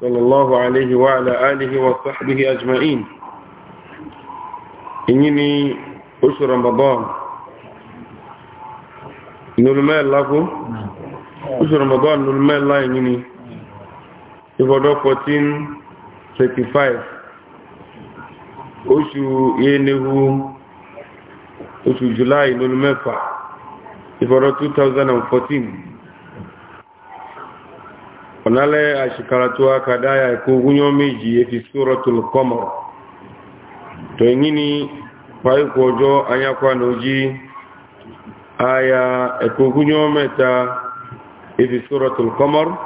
صلى الله عليه وعلى آله وصحبه أجمعين إنني أشهر رمضان نلما لكم أشهر رمضان نلما الله إنني إفضل 1435 oṣù yẹnẹhu oṣù july lónìí mẹ́fà ìfọ̀rọ̀ 2014 onale ashikaratuwa kadaya kugunyo meji efi suratul qamar to ngini pai kojo anya noji aya kugunyo meta efi suratul qamar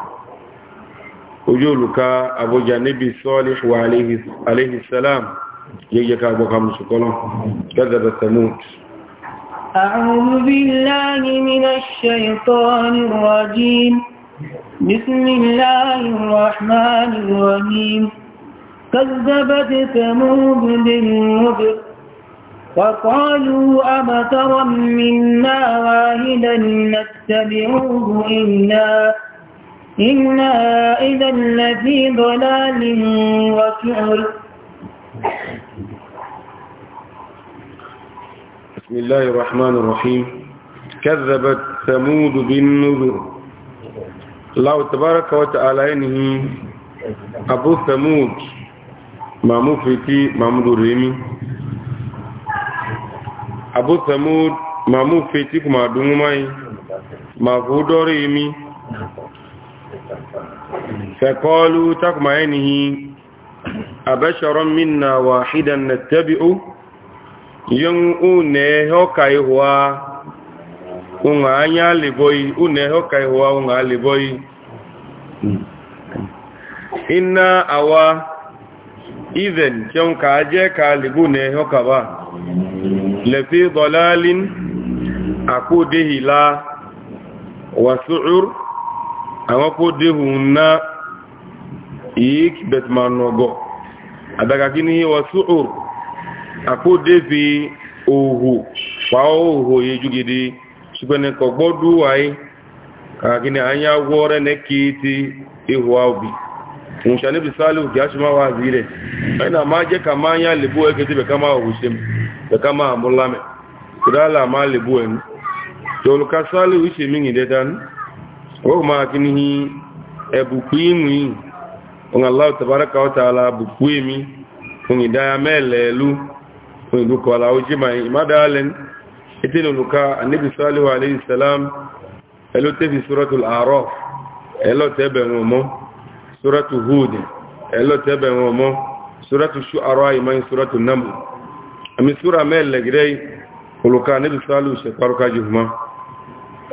ujuluka abuja nabi salih wa alayhi alayhi salam yeje ka boka musukolo kadaba samut أعوذ بالله من الشيطان الرجيم بسم الله الرحمن الرحيم كذبت ثمود بالنذر وقالوا أبترا منا واهدا نتبعه إلا إنا إذا لفي ضلال وسعر بسم الله الرحمن الرحيم كذبت ثمود بالنذر Allah tabaraka wa ta'ala yanihi Abu Samud mamu fiti mamu rimi Abu Samud mamu fiti kuma dungumai ma gudori mi faqalu takma yanihi abasharan minna wahidan nattabi'u yan'une hokai huwa unga anya liboi une hokai huwa unga liboi Hmm. inna awa even kyan ka je ka libu ne yoka ba lafi dalalin aku dehila wa su'ur awa ko dehunna ik betmanogo adaga kini wa su'ur aku defi ohu pa ohu yejugidi ṣùgbọ́n ẹ̀kọ́ gbọ́dúwàá kakini anya gwore ne kiti obi aina kama anya libu ekiti bekama wawushim bekama amulame kudala ama libu enu toluka sali uishi mingi dedan ma akini hi ebukuimwi on allah tabaraka wa taala bukuimi kungi daya melelu kungi dukola ujima imadalen itinu luka annabi sallallahu alaihi salam ẹlọ tẹ́fi sọ́rọ̀tù àárọ̀ ẹlọ tẹ́bẹ̀ wọn mọ́ sọ́rọ̀tù hood ẹlọ tẹ́bẹ̀ wọn mọ́ sọ́rọ̀tù ṣú àrọ̀ àìmọ́ sọ́rọ̀tù námù àmì sọ́rọ̀ mẹ́lẹ̀gẹ́rẹ́ olùkà níbi sálù ṣẹ̀párùkà jù mọ́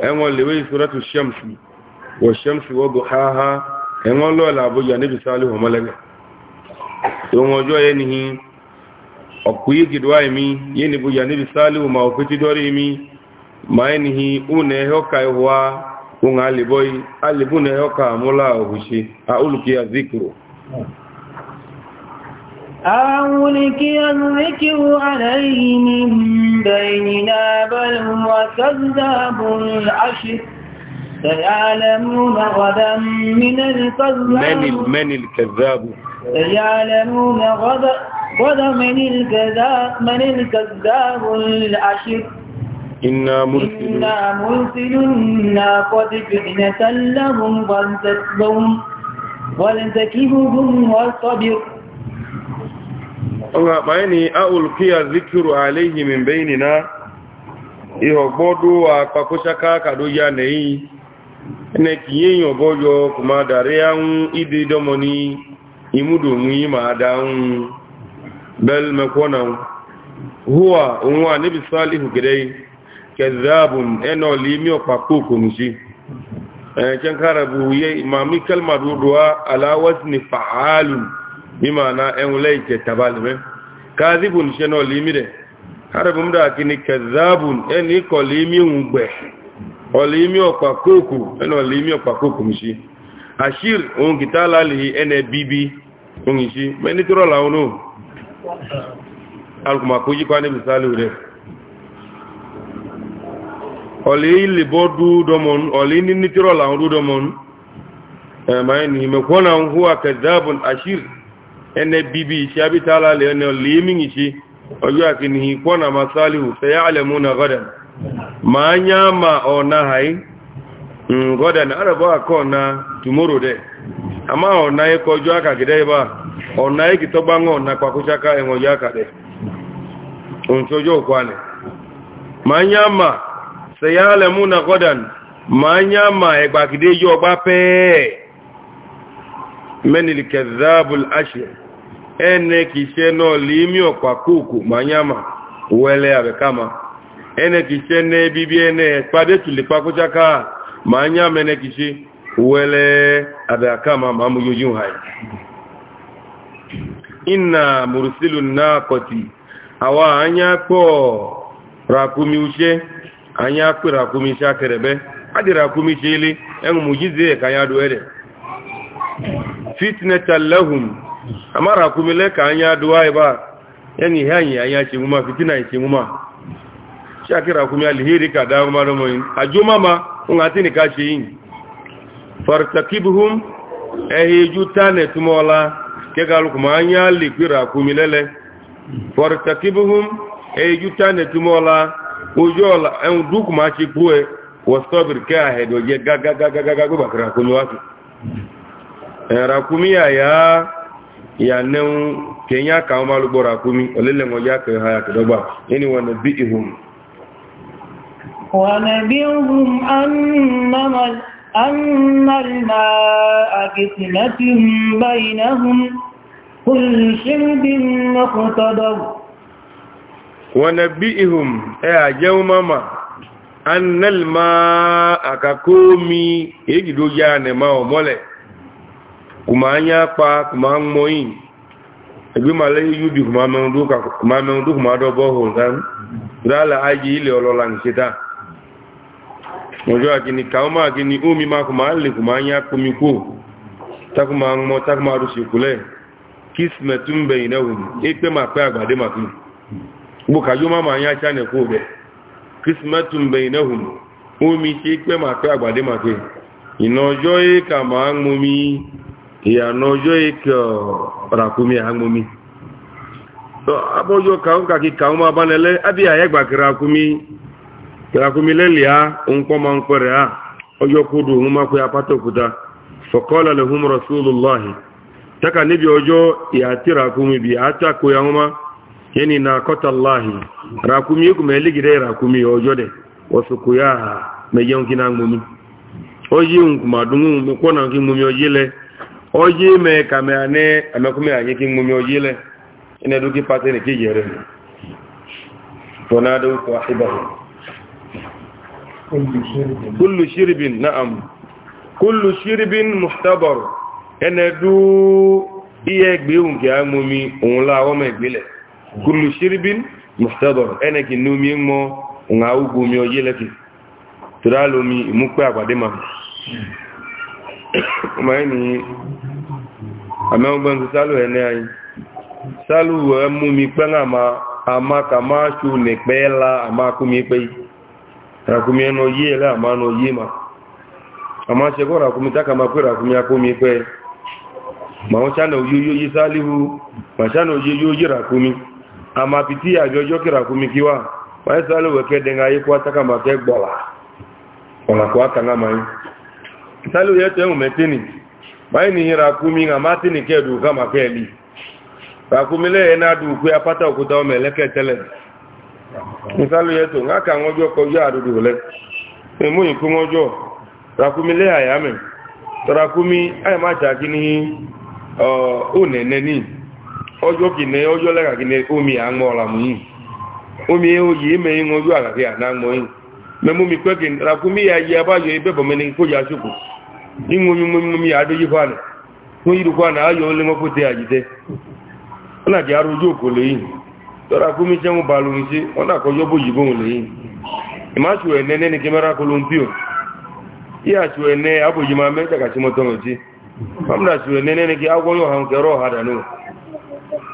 ẹwọ́n lèwé sọ́rọ̀tù ṣẹ́mṣù wọ ṣẹ́mṣù wọ́gbù háhá ẹwọ́n lọ́ọ̀lá àbújá níbi sálù ọmọlẹ́gẹ́ ìwọ̀n ọjọ́ yẹn ni ọkùnrin gidwá mi yẹn ni bùjá níbi sálù ọmọ òfin ti dọ́rí mi mainihi une hoka wa unga aliboi alibune hoka mula ohushi aulukia dhikru أولكي الذكر عليه من بيننا بل هو كذاب العشر سيعلمون غدا من الكذاب من, من الكذاب سيعلمون غدا غدا من الكذاب من الكذاب العشر إنا مرسلون قد فتنة لهم وانتكبهم ولتكبهم واصبر ọgbà báyìí àòlùkí àzíkìrò àléyìn mi bẹ́yìn nìna ìhọ̀gbọ́dọ̀ àpapọ̀ṣaká kàdó ya nẹ̀yìn ẹnẹ kì yí èyàn bọ́yọ kò máa dàrí áhùn ìdí dọ́mọ ní ìmúdòmú yí máa dáhùn bẹ́ẹ̀lì mẹ́kọ́nà hùwà òun wà níbi sáàlì hùgẹ́dẹ́yìn كذاب انه ليمي وقاكوكو نشي كان كاربو يي امامي كلمه دوا على وزن فعال بمعنى ان ليك تبالم كاذب شنو ليمي ده كاربو مدا كني كذاب اني كليمي نغبه olimi opakoku eno olimi opakoku mishi ashir on kitala li ene bibi ongishi menitoro la ono alkuma kuji kwa ne misali ure ọ̀lẹ́ ilẹ̀ bọ́ dúdọmọ̀nù ọ̀lẹ́ ní nítírọ̀ làwọn dúdọmọ̀nù ẹ̀mà ẹni ìmẹ̀kọ́nà ń húwà kẹzàbùn ashir ẹnẹ bíbí iṣẹ́ abítàlá lẹ́ ẹnẹ ọ̀lẹ́ mìí ṣe ọjọ́ àkíní ìkọ́nà masálihu fẹ́yà alẹ́múnà gọ́dàn máa ń yáàmà ọ̀nà àì gọ́dàn àrẹ̀bọ́ àkọ́ ọ̀nà tùmọ́rò dẹ̀ àmá ọ̀nà ẹkọ̀ ọjọ́ àkàgẹ́dẹ́ ibà ọ̀nà ẹkìtọ́gbá ọ̀nà pàkúṣáká ẹ̀wọ̀n sẹ̀yàlẹ̀múnà kọ́dàn máa ń yáàmà ẹgbàkìdé yọ ọgbá pẹ́ẹ̀ mẹ́nìlì kẹzàbùl aṣẹ ẹnẹ kìí ṣẹ́ náà lèémí ọ̀pá kóòkò máa yáàmà wẹ́lẹ́ àbẹ̀káma ẹnẹ kìí ṣẹ́ ní bíbí ẹnẹ pàdé tùlẹ̀ pakúṣáká máa yáàmà ẹnẹ kìí ṣe wẹ́lẹ́ àbẹ̀káma máa anya akpịrị akwụmiche akịrịbe adịrị akwụmiche ili enwumujizie ka anya duere fitnetalehum amara akwụmile ka anya duwa ebe a yan ihe anyị anya chenwuma fitina chenwuma shi akịrị akwụmi alihiri ka daa madomoyi ajụmama nwa tini ka chi yin fartakibhum ehiju tanetumola kegalukuma anya likwiri akwụmilele fartakibhum ehiju tanetumola ojú ọ̀la ẹ̀hùn dúkù máa ṣe kú ẹ wọ́stọ́bìrì kẹ́ ya jẹ ya gbọ́gbà kìrà kó ló wá sí ẹ̀rà kúmí àyà ìyànẹ́hùn kẹ̀yìn ya máa lọ́gbọ́ ha àkẹ́dọ́gbà bí ihun ونبئهم ونبئهم اي يومما ان الماء ككومي ma يعني ما ومله كما يقا كما موي ebi ma lẹ́yìn yúdì kùmá mẹ́rin dúkù máa dọ́bọ́ hùn dáàlà ayé ilẹ̀ ọlọ́la ní ma ọjọ́ àkíní kàwọn máa kí ni omi máa kùmá lè kùmá ma gbùkà yóò máa yá ṣá nẹ̀kú rẹ̀ kírísímẹ́tùm bẹ̀yìn náà omi ṣe pẹ́ máa pẹ́ àgbàdé máa pẹ́ ìnà ọjọ́ èkà máa ń momi ìyànà ọjọ́ èkà ràkúmi à ń momi abọ́jọ́ kàún kàkí kàún máa bá nílẹ̀ ábí àyẹ́gbà kìràkúmi lẹ́lẹ̀ á òǹkọ́ máa ń pẹ̀rẹ̀ á ọjọ́ kúdù òun máa pẹ́ apátọ̀kúta fọ̀kọ́lẹ̀ yẹni na kọta láàáhì ràkúmí ikú mẹ́ lẹ́gìdẹ́ ràkúmí ọjọ́ dẹ̀ ọ̀sọ̀kò yá mẹ́jẹun kí náà gbọmí ọjí nkùnmà dùnmù mẹ́kọ́nà kí gbọmí ọjí lẹ ọjí mẹ́ kàmẹ́ ànẹ́ àmẹ́kúmí àyẹ́ kí gbọmí ọjí lẹ ẹni ẹdún kí pàtẹ́ nìkí yẹ rẹ̀ tọ́nádó kọ́ ìbàwọ̀ kúlù ṣírìbìn náà iye òun kullu shirbin muhtadar ene ki numi mo nga ugu mi o yele ki turalo mi mu ma ma ni ame o gban salu ene ayi salu e mu mi pe nga ma ama ka ma chu ne la ama ku mi pe ra ku mi no yele ama no yima ama se ko ra ku mi ta ka ma pe ra ku mi aku mi pe ma o chana o yoyo yi salihu ma chana o yoyo yi ama piti ajojo kira kumikiwa waisalo weke denga yi kwa taka make gbola ona kwa kanga mai salu yetu umetini mai ni hira kumi ngamati ni kedu kama keli rakumile ena du ku apata okuta omeleke tele salu yetu ngaka ngojo ko ya dudu le emu iku ngojo rakumile ayame rakumi ay ma cha kini o uh, uneneni ọjọ́ kìíní ọjọ́ lẹ́gà kìíní omi à mú yìí omi oyè ime yìí ojú àgàkì àná yìí mẹ́mú mi pẹ́ ràkúmí ayé abájọ ibẹ̀ mẹ́ni kó yà ṣòkò yìí omi mímú mi àdójú fáànà tó yìí dùkọ́ àná ayọ̀ ó lé mọ́ fóté àjìtẹ́ ọ̀nà àti arójú òkò lẹ́yìn tọ́ra kúmí jẹ́ wọn balùwì sí ọ̀nà àkọ́jọ́ bó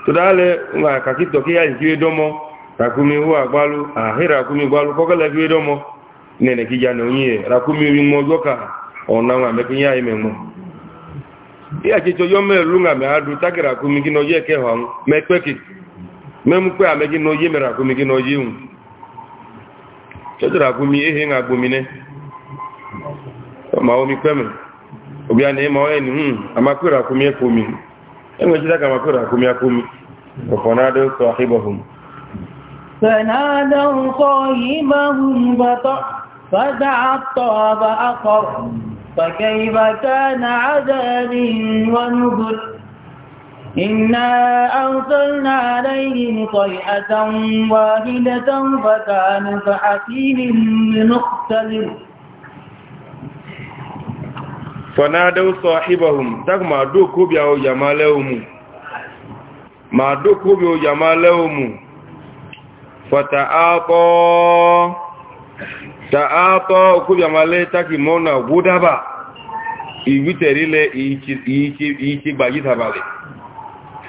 todale nga kakito kia ikiwe domo rakumi huwa gbalu ahira kumi gbalu kokala kiwe domo nene kijana unye rakumi umojoka ona nga mekinya imemo iya kicho yome lunga me adu takira kumi kino ye ke hon omi o enwechita ka maka ụra akụmi akụmi ọfanado sahibahum فنادوا صاحبهم فتعطى فأقر فكيف كان عذابي ونذر إنا أرسلنا عليهم صيحة واحدة فكان كعقيل من اختلف fanadau sahibahum tak ma do ko bi aw yamalawmu ma do ko bi aw yamalawmu fata'ata ta'ata ko bi amale tak mona gudaba iwiterile ichi ichi gbagita bale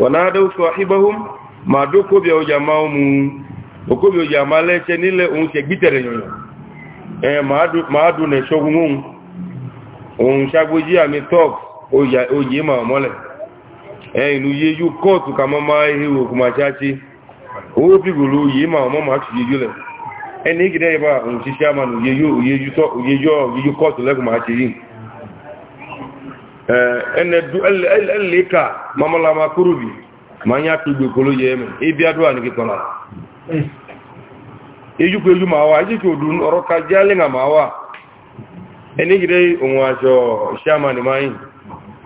fanadau sahibahum ma do ko bi aw yamalawmu ko bi aw yamale chenile un che gbitere yoyo eh ma do ma ne shogun òun ṣagbójí àmì top oyè ma mọ́lẹ̀ ẹ̀yìn ló yé yú kóòtù ka mọ́ máa ihe òkú ma ṣáṣí owó pìgò ló yé ma mọ́ ma ṣù yéjú lẹ̀ ẹni ìgìdẹ́ ìbá òun ṣiṣẹ́ àmà òyéjú kóòtù lẹ́kùn ma ṣe yìí ẹlẹ́ka mamọ́la ma kúrò bì ma ń yá pìgò kóló yẹ enigide ohun aṣọ ṣíàmà ní máa yìn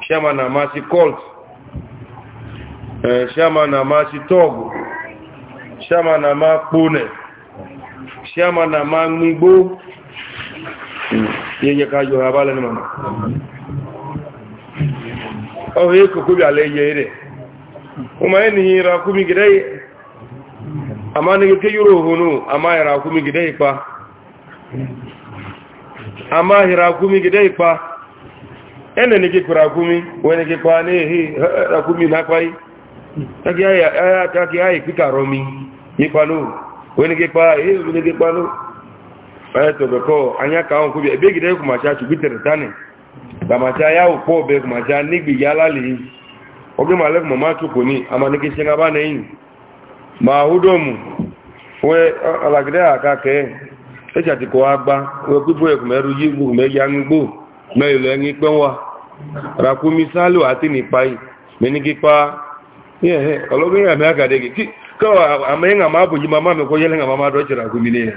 ṣíàmà náà máa ṣe colt ṣíàmà náà máa ṣe tọ́ọ̀gù ṣíàmà náà máa pọ́nẹ̀ ṣíàmà náà máa ń gbó yẹyẹ ká yọ abálẹ́ nìmọ̀ ọ̀hún yẹ kòkó bí alẹ́ yẹ rẹ̀ o máa ní ìrakúmi gidẹ́ àmá ní kékeré òhun náà àmá ìrakúmi ipa amma hirakumi gida ikpa ene niki kurakumi wani ki kwa ne hi rakumi na kwai taki aya taki aya ikika romi ikwalo wani ki kwa eh wani ki kwalo ayi to be ko anya ka on kubi ebe gida ku ma cha chu bitere tane ba ma cha ya upo be ku ma cha ni gbi yala li oge ma le ku ma tu ko ni ama ni ki shinga ba ne yin ma hudomu we alagide echa ti kọwa gba wekwipo ekwumeru yi gwumeji anyụgbo meilu enye ikpe nwa rakwumisalu ati na ikpai menigikpa ihe ọlọgọ ya mee agade gị kọwa amaghị na ma abụghị mama mekwa yele na mama dochiri akwumile ya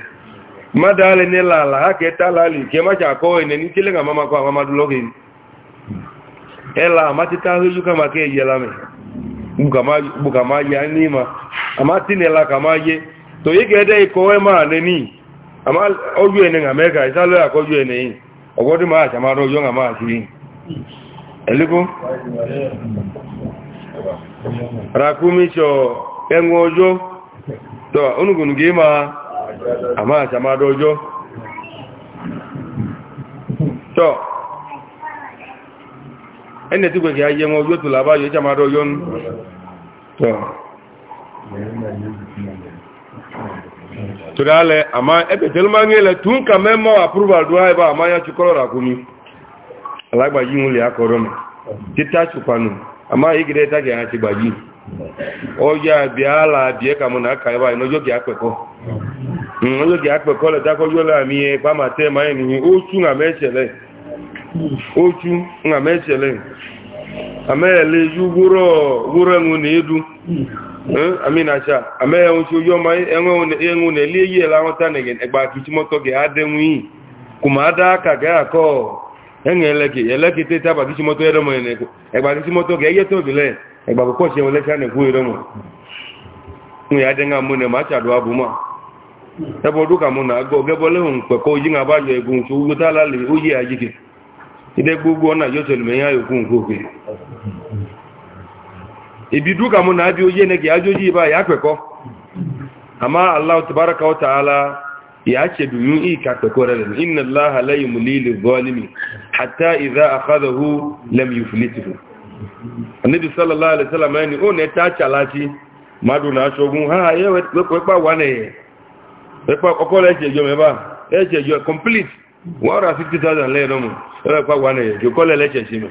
mmadụ alị n'ịla ala ha ka etala ala ike macha akọ ene n'ikele na mama kwa mama dụlọghị to ị ga-ede ikọwe àmá ọjọ́ ẹni nga mẹ́ka ìsálọ́ àkọjọ́ ẹni yìí ọgbọ́dún máa ṣàmárọ̀ ọjọ́ nga máa sí ẹ̀lẹ́kọ́ rakúmíṣọ́ ẹ̀wọ̀n ọjọ́ tọ́ onúgùnugé máa àmá ṣàmárọ̀ ọjọ́ tọ́ ẹni tí gbẹ̀kẹ̀ ayé wọn ọjọ́ tó làbáyọ̀ ṣàmárọ̀ ọjọ́ nù tọ́ torí alẹ́ àmá ẹgbẹ̀tẹ̀lú máa ń gẹ́lẹ̀ tún kà mẹ́mọ́ approval dúró àìbá àmá yá ti kọ́rọ̀ ràkúnmí alágbàjí ń lè akọ̀rọ̀ mẹ́ amaghị ṣùpanù àmá ka tàgẹ̀ àwọn ka gbàjí ọjà àbí àlà àbí ẹ̀ka mọ̀ náà kàíbà ìnọjọ́ kì apẹ̀kọ́ ìnọjọ́ kì apẹ̀kọ́ lẹ̀ dákọ́jọ́ láàmì ihe pàmàtẹ́ máa ń ó tún na ó aminacha cha ya nwụchi oyi ma enwe na-eli eyi ela nwụta na egba akichi mọtọ gị adịnwu iyi kuma ada aka ga akọ enye eleki elekite taba kichi mọtọ ere mọ ene egba kichi mọtọ ga eyete obile egba kwụkwọ chi enwele cha na-ekwu ere mọ nwe ya adịnga mụ na ma achadụ abụ ma ebe ọdụ ka mụ na agụ ogebole hụ mkpekọ oji na agba egwu nke ugotala oyi ya jike idegbu ugwu ọ na-ajọ chelu ma ihe ya okwu nke oke ibidu ka mụ na abịa oye ne ga ajọ ya kweko ama allah tabaraka wa ta'ala ya ce yun i ka kwekọ rẹ̀ inna allah la yumlili zalimi hatta idha akhadahu lam yuflithu annabi sallallahu alaihi wasallam yani o ne ta chalachi madu na shogun ha ye we kwekpa wa ne kwekpa kokole je jo me ba e je jo complete 150000 le no mu wa ne jo kole le che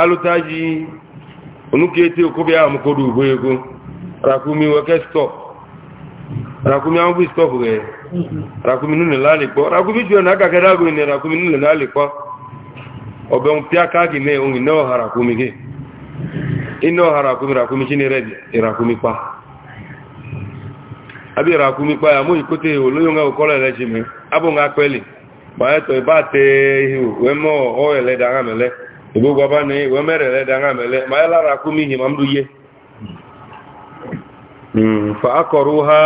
alụtaji onukete okobi ahụ mkodo ugbo ego rakumi weke stọp rakumi ahụ bụ stọp ghe rakumi nune lalikpọ rakumi jụọ na akakere agụ ne rakumi nune lalikpọ ọbẹ mpịa ka gị na onwe na ọha rakumi gị ina ọha rakumi rakumi chinere rakumi kpa abi rakumi kpa ya mụ ikote oloyo nga okọlọ elechi mee abụ nga akpeli ma ya tọ ịba tee ihu wee mụọ ọ ele dị agha mele ìgbogbo bá ní ìwé mẹ́rẹ̀ rẹ̀ dáná mẹ́lẹ̀ máa lára kú mí ìhìn máa ń lú yé fa akọrù ha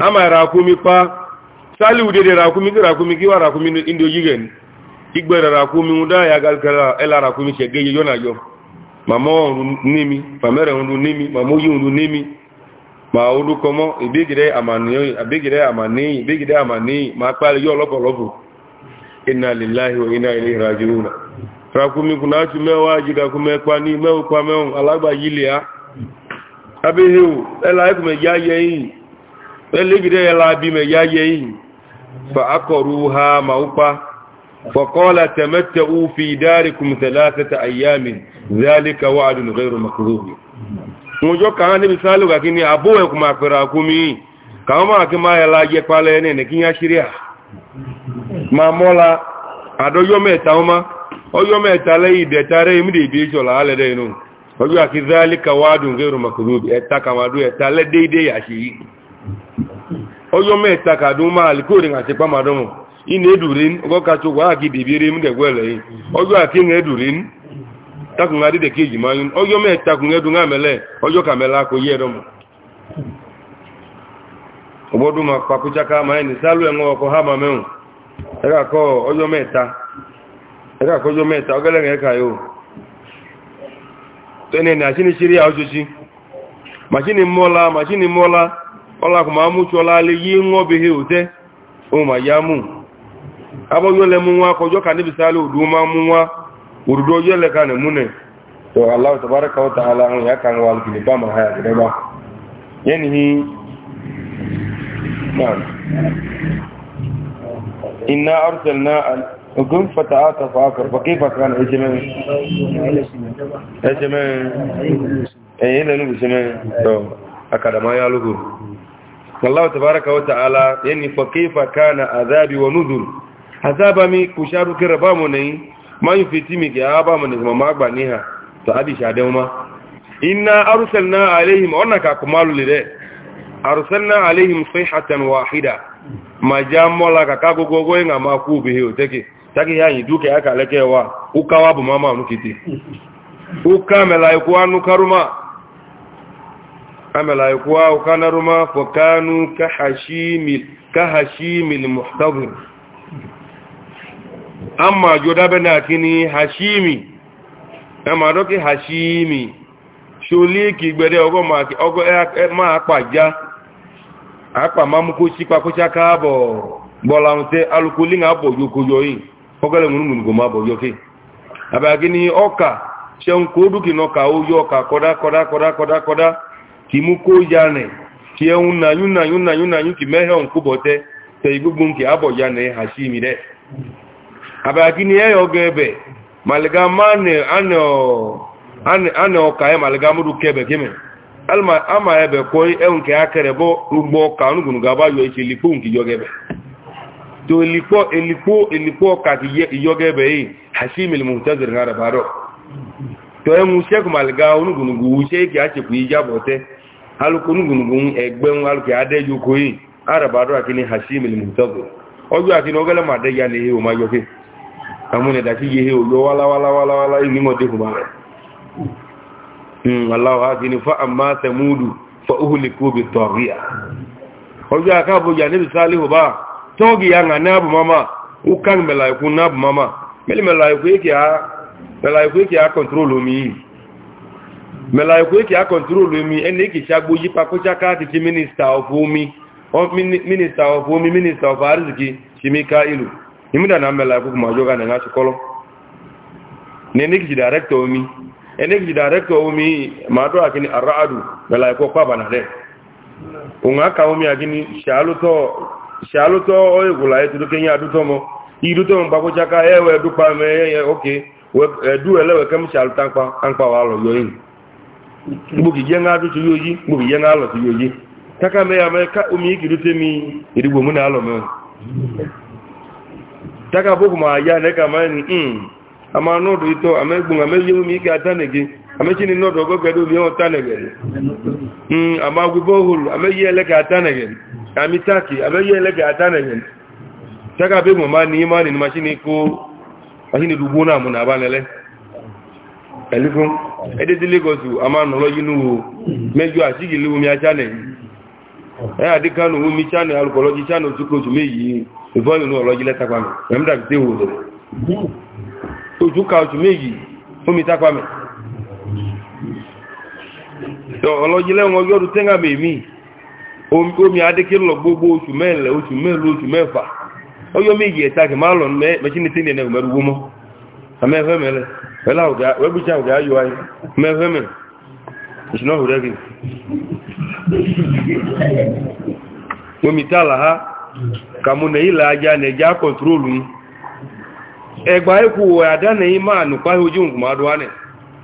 a máa ra kú mi pa sálì òdèdè ra kú mi kí ra kú mi kí wà ra kú mi ní ojú rẹ̀ ní ìgbẹ̀rẹ̀ ra kú mi ń dá ìyàgàlùkẹ́lá ẹ̀lá ra kú mi ṣẹ̀gẹ́ yẹ rakumi kuna ci mewa jika kuma kwani mewu kwa mewu alagba yili ya abi hiu ela iku me ya ye yi ele gide ela bi me ya ye fa aqruha maupa fa qala tamattu fi darikum thalathata ayamin dhalika wa'dun ghayru makdhub mojo kan ni misalu ga abu e kuma pera kama akima ela je pale ne ne kinya shiria mamola oyo metale idetare imri bicho la ale denu oyo akidhalika wadu ngeiru makdhubi etaka madu etale deide yashi oyo metaka duma alikuri ngase kwa madomo ine durin ogo kacho kwa akidibiri mgegwele oyo akinge durin takungari de ko hama ẹ̀ka àkójọ mẹ́ta ọgẹ́lẹ́rin ẹ̀ka yóò tẹ́ni ní àṣíní ṣírí àójójí màṣíní mọ́lá màṣíní mọ́lá ọlákùnmá múṣọ́lá lè yí wọ́n bí i òtẹ́ ohun àyámù abọ́yọ́lẹ̀ mú wá kọjọ́ ká níbi sálẹ̀ òdú máa mú wá òdúdó ọjọ́lẹ̀ ká ala ogun fata'ata fa'akar fa kaifa kana ejemen ejemen eh ina nubu ejemen to akadama ya lugu wallahu tabaaraka wa ta'ala yani fa kaifa kana adhabi wa nuzur azaba mi kusharu kiraba mo nei ma yufiti mi ke aba mo nei ma gba ni ha to abi shade ma inna arsalna alaihim onaka kumalu lide arsalna alaihim sayhatan wahida majamola kakagogogo nga makubi hiyo teke taki ya yi duka ya kalekewa ukawa bu mama nukiti uka melaikuwa nukaruma amelaikuwa ukanaruma fakanu fokanu kahashimil muhtadhir amma jodabe na kini hashimi amma doki hashimi sholiki gbede ogo ma ogo e, e ma apaja apa mamuko sipa ko chakabo bola nte alukuli ngapo yokoyo yin ogele nwuru mgbe ma bụ yoke abịa gị ọka chewu o duki n'ọka oyi ọka kọda kọda kọda kọda ki mú kó ya nì ki ẹun na nàyú nàyú nàyú ki mẹ́hẹ̀ òǹkú nke ya ha àṣì mi rẹ̀ ebe maliga anị ọka to elipo elipo elipo ka ti iyoge be yi hashim al muntazir ngara baro to e mu sheku malga onugunugu use ki ache ku ijabote aluko onugunugu egbe un aluko adeju ko yi ara baro akini hashim al muntazir oju akini ogele ma ya ni o ma yoke amune da ti ye he ojo wala wala wala wala ni mo de ku mare mm allah akini fa amma samudu fa uhliku bi taghiya oju akabu ya ni salihu ba togi yanga nabu mama ukang melaiku nabu mama meli melaiku iki a melaiku iki a control mi melaiku iki a control mi ene iki shagbo yi pa ko chaka ti minister of umi of minister of umi minister of arziki chimika ilu imuda na melaiku kuma joga na ngachi kolo ne ne ki director omi ene ki director umi ma do akini aradu melaiku kwa bana de unga ka umi akini shaluto ṣe alótọ́ ọ̀ẹ̀kùnlá ètò lókè yín adútọ́mọ́ ìdútọ́mọ́ pàkóṣáká ẹ̀wẹ̀ ẹ̀dúpa mẹ́ẹ̀ẹ́ ókè ẹ̀dú ẹ̀lẹ́wẹ̀ kẹ́mí ṣe alótánpá wà lọ yọ yìí gbòkì jẹ́ ńlá tó yóò yí gbòkì jẹ́ ńlá lọ tó yóò yí káká mẹ́ya omi tẹ́ mi alọ mẹ́rin tákà bókùnmọ̀ àyà nẹ́ka mẹ́rin hmm, àmà náà dòótọ́ àmẹ́gbùn àmẹ́yẹ́ omi yìí amechini nọdụ ogbegbere obi ọ tanegere hmm, amagwụbe ohuru ameghi amitaki ameghi eleke atanegere chaka mama ni imani ni machini ko machini dugbo na amụ na abanele elifo ededi lagos ama nọrọ e, yi n'uwo mejọ achigili omi achaneghi ẹ adịka na omi chani alụkọlọji chani otukotu meyi ìfọyìn ọlọ́jílẹ̀ wọn yọ́dù tẹ́ngà mèmí omi adékè lọ gbogbo oṣù mẹ́lẹ̀ oṣù mẹ́lẹ̀ oṣù mẹ́fà ọyọ́ méjì ẹ̀ta kì máa lọ mẹ́ṣíní tí nìyẹn mẹ́rù wó mọ́ àmẹ́fẹ́ mẹ́lẹ̀ pẹ̀lá ọ̀gá wẹ́gbùsá ọ̀gá ayò ayé mẹ́fẹ́ mẹ́lẹ̀ ìṣúná ọ̀rẹ́ kì omi tààlà ha kàmúnẹ̀ ilẹ̀ ajá nẹ̀já kọ̀ntrólù ẹgbàá ẹkù àdánẹ̀yìn máa nùpáhójú nǹkan máa dọ́wánẹ̀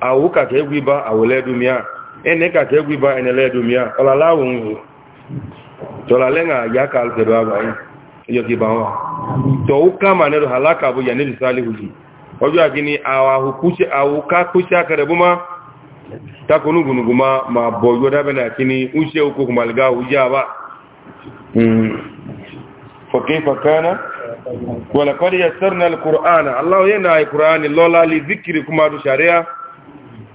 awu kaka egwiba awuledumia ene kaka egwiba eneledumia olalawu nhu tolalenga yaka alfedo abai iyo kibawa to uka manero halaka bu yanili salihuji ojo agini awa hukuche awuka kucha karebuma takunugunuguma ma boyo dabena kini uche uko kumalga ujaba mm فكيف كان ولقد يسرنا القرآن الله ينعي القرآن لولا لذكركم هذا شريعه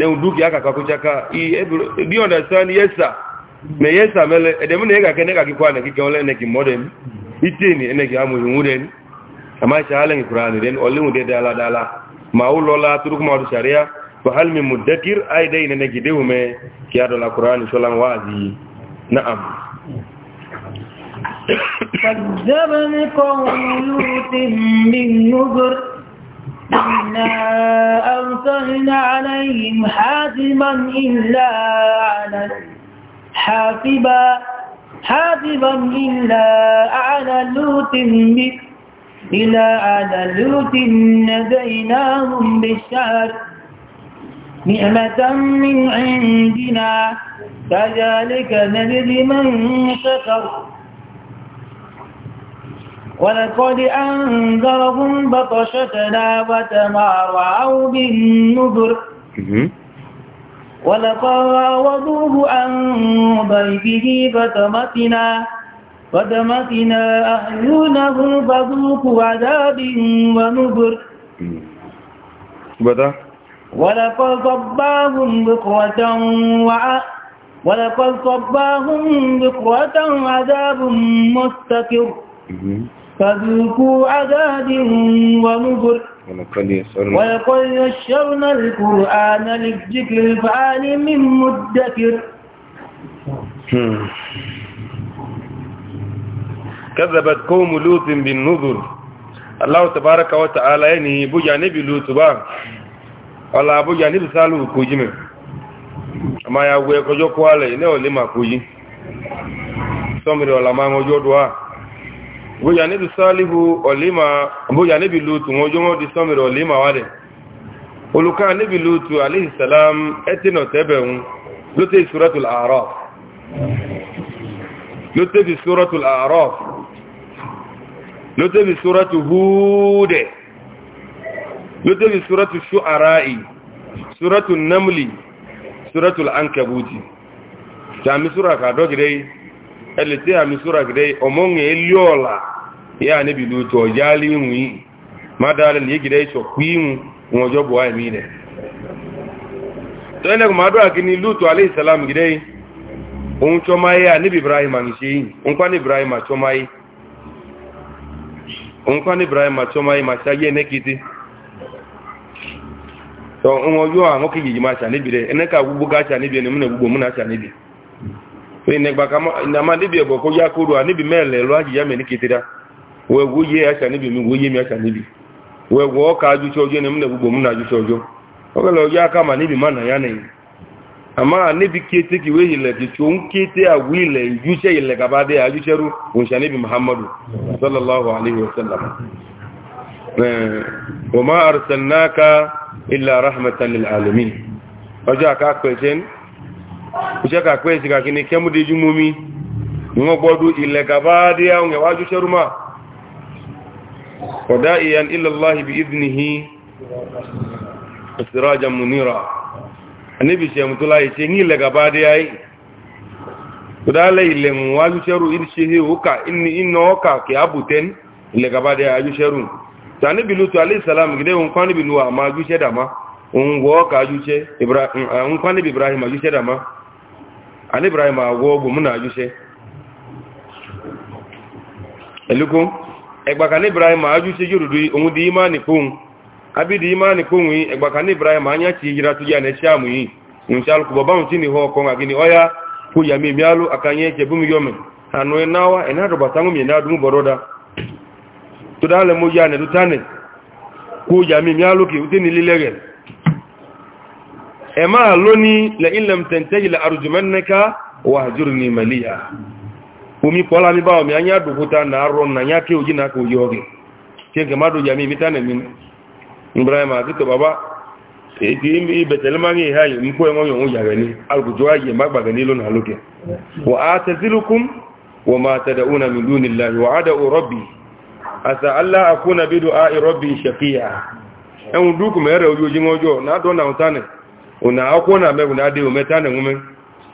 then dukia kakakuchaka do you understand yes sir me yes sir mele edemu ne ga kene ga kikwa ne kike ole ne modern. itini ene ga amu yumuren ama shala ni qur'an den ole mu de dala dala ma ulola turuk ma sharia fa hal min mudakkir ay dayna ne gidewu me kiya dola qur'an sholan wazi na'am كذب قوم لوط بالنذر إنا أرسلنا عليهم حاسبا إلا على حاسبا حاسبا إلا على لوط إلا على لوط نديناهم بالشهر نعمة من عندنا كذلك نجزي من شكر ولقد أنذرهم بطشتنا فتمارعوا بالنذر ولقد راودوه عن ضيفه فتمتنا فتمتنا أعينه فذوقوا عذاب ونذر بدأ ولقد صباهم بقوة وع ولقد صباهم بقوة عذاب مستقر فذوقوا عذابي ونذر ولقد يشرنا القرآن للذكر فعال من مدكر كذبت قوم لوط بالنذر الله تبارك وتعالى يعني بوجا نبي لوط با ولا بوجا نبي سالو كوجيم ما يا ويكو جو كواله ني ولي ما كوجي سمري ولا ما نجو دوا bóyá níbi sálíhù ọ̀lẹ́mà bóyá níbi lóòtù wọn jọmọ́ di sọ́mìrì ọ̀lẹ́mà wà rẹ̀ olùkọ́ níbi lóòtù aléìsàlám ẹtìnà tẹ́bẹ̀hún ló tẹ́ ìṣúrọ́tùl àárọ̀ ló tẹ́bi ṣúrọ́tùl àárọ̀ ló tẹ́bi ṣúrọ́tù húúdẹ̀ ló tẹ́bi elete e ya misura gide omonge eliola ya ne bilu to jali nwi madale ni gide kwimu wojo bo ai ene ma do akini lutu alayhi salam gide un cho ya ni ibrahim anshi un kwa ni ibrahim cho ibrahim ma shaye ne kiti to ma sha ene ka ga inegba ka nama nibi egbo ko ya koro a nibi mele lu aji ya meni kitira we gwo ye acha nibi mi gwo m mi acha nibi we gwo ka aju chojo ne mne gbo mna aju chojo oge lo ya ka ma nibi mana ya ne ama nibi kete ki we ile ki chon kete a wile iju che ile ka ba de muhammadu sallallahu eh, wa aka pe ucheka kwezi kakini kemu deju mumi ngo bodu ile kabadi ya unge waju sharuma wadaiyan ila Allah bi idnihi sirajan munira anibi se mutula ite ngi ile kabadi ai kudale ile waju sharu ilshihi uka inni inoka ki abuten an ibrahim agwọ ọgwụ mụ na ajụse elukwu ẹgbaka ní ibrahim ajụse yorudu ohun dị ime anìkpóhun abidi ime anìkpóhun yìí ẹgbaka ní ibrahim anya ti yira tuji anẹsi amụ yìí nṣe alụkwụbọ báhùn tí n'ihe ọkọ nga gịnị ọya kwu ya mimi alụ aka nye eche bumi yome anụ enawa ena adọbata nwunye ya ka ute n'ilile ẹ̀má lóní lẹ́ìlẹ̀m tẹ̀ntẹ́jì lẹ́ àrùjùmẹ́nẹ́ká wà jùrù ní mẹ́lìyà omi pọ́lá mi bá omi anyá dùkúta na arọ na nyá kí ojí náà kò yọ ọgẹ̀ tí ẹ̀kẹ́ má dùn jàmí ìbítà nẹ̀mí ibrahim àtìtọ̀ bàbá èdè ìbẹ̀tẹ̀lẹ́ máa ń yẹ ayé nkú ẹ̀wọ̀n yòówù yàrá ní alùpùpù ayé má gbàgbé ní lónà lókè wà á tẹ̀sílùkùn wà ona akwụkwọ na ame na adịghị ometa na enwume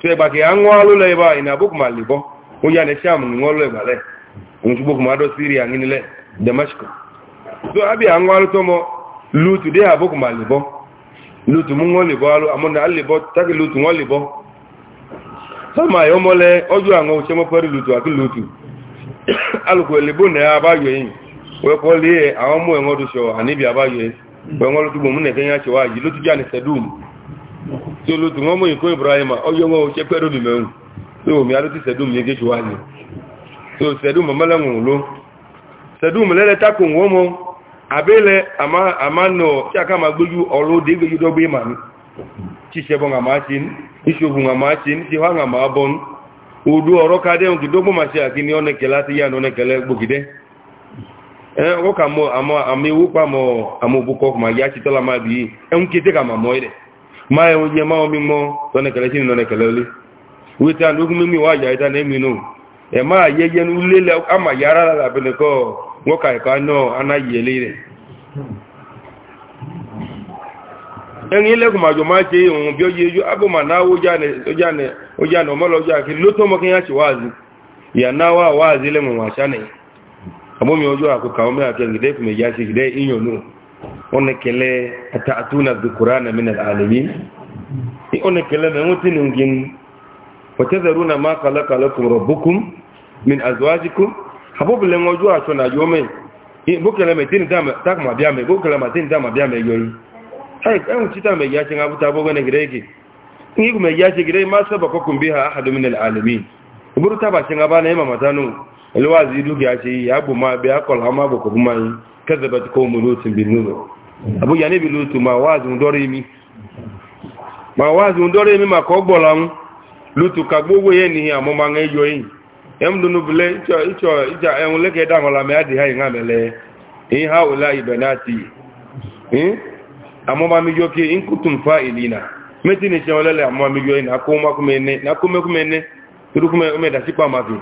so ịgba ka ya ṅụọ alụlọ ebe a ị na-abụ kụma libọ onye a na-eche amụrụ ṅụọ ụlọ ịgbale nwụchugbo kụma dọ so abịa aṅụ alụtọ mọ lutu dị abụ ma libọ lutu mụ ṅụọ libọ alụ amụ na alibọ taki lutu ṅụọ libọ sama ya ọmọle ọjọ aṅụ oche mọpere lutu akị lutu alụkwu na ya abayọ wee kpọọ lie tí olóòtú wọn mú ìkó ibrahim ọjọ́ wọn ò ṣe pẹ́rù lùmẹ̀ ohun tí omi aró ti sẹ̀dùn yé gẹ́ṣù wá ní tí ó sẹ̀dùn mọ́mọ́lẹ́wọ̀n ló sẹ̀dùn mọ́lẹ́lẹ́ takùn wọ́n mọ́ abẹ́lẹ̀ àmánà tí a ká máa gbójú ọlọ́dẹ gbéjú dọ́gbé mà ní ma sẹ́bọ̀n àmáṣin ìṣògùn àmáṣin ṣe àkíní ọ̀nẹ́kẹ̀ láti yá ọ̀nẹ́kẹ̀lẹ́ gbòkìdẹ́ ẹ̀ ọkọ̀ ma ya oje ma omi mo to ne kele sinu ne kele ole wi ta ndu mi mi wa ya ita ne mi no e ma ye ye nu le le ama ah, yara la la bene ko wo ka ka no ana ye le re en ju abu ma na wo ja ne o ja ne wazi ya wazi le mo ne abo mi ojo akuka o me ati onekele ta'atuna dhukurana min alalamin i onekele me mutin ngin watadharuna ma khalaqa lakum rabbukum min azwajikum habubu le ngoju acho na yome i bukele me tin dama tak ma biame bukele ma tin dama biame yoyi hay kan chita me yache ngabuta bogo ne gireki ngi kuma yache girei ma sabaka kum biha ahadu min alalamin buru taba chinga bana ima matanu alwazi duki achi ya ma bi akol hama bu kuma kadabat qawmu lutin bin nuzur abuja níbi lóòtù ma wáàzùn dọ́rẹ́ mi ma wáàzùn dọ́rẹ́ mi ma kọ́ gbọ́la ń lóòtù ka gbogbo yẹn ni àmọ́ ma ń yọ yìí ẹm dunu bilẹ̀ ìtsọ ìjà ẹ̀hún lẹ́kẹ̀ dàmọ́ la mẹ́ adì ha yìí ń amẹ́lẹ́ yìí ha òlà ibẹ̀ náà ti yìí àmọ́ ma mi yọ kí n kùtùm fa ìlínà mẹ́tì ní sẹ́wọ́n lẹ́lẹ̀ àmọ́ ma mi yọ yìí nàkó mẹ́kúmẹ́nẹ́ torukumẹ́ dasi pa ma fi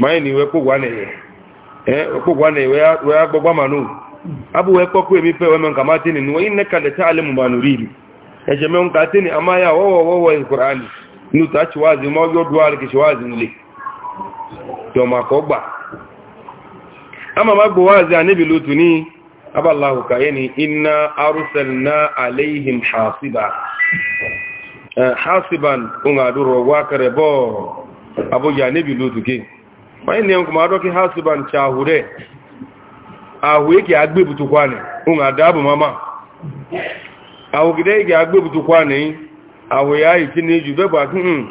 máyì abu wee kpọkwa emepe wee mee nka ma tini nuwa inne ka da ta'alim ba nuridi eje me nka tini ama ya wowo wowo in qur'ani nu ta ci wazi ma yo duwar ki ci wazi nle to ma ko gba ama ma gbo wazi anabi lutu ni aballahu ka yani inna arsalna alaihim hasiba e, hasiban unga duro wa kare bo abuja lutu ke ma ne ko ma do ki hasiban chahure eke agbebụtukwanị ụnụ ada bụ mama ahụgide ị ga-agbebụtukwanị ahụ ya iti n'iju bebụ akụ hmm.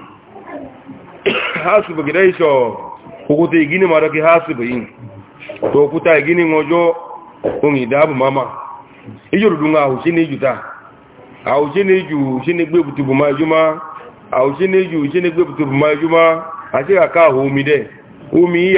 ha sụbụ okwute igini mara ka ha sụbụ yi to okwuta igini nwọjọ ụnụ ida mama ahụ si taa ahụ si si ahụ ma aka ahụ omi omi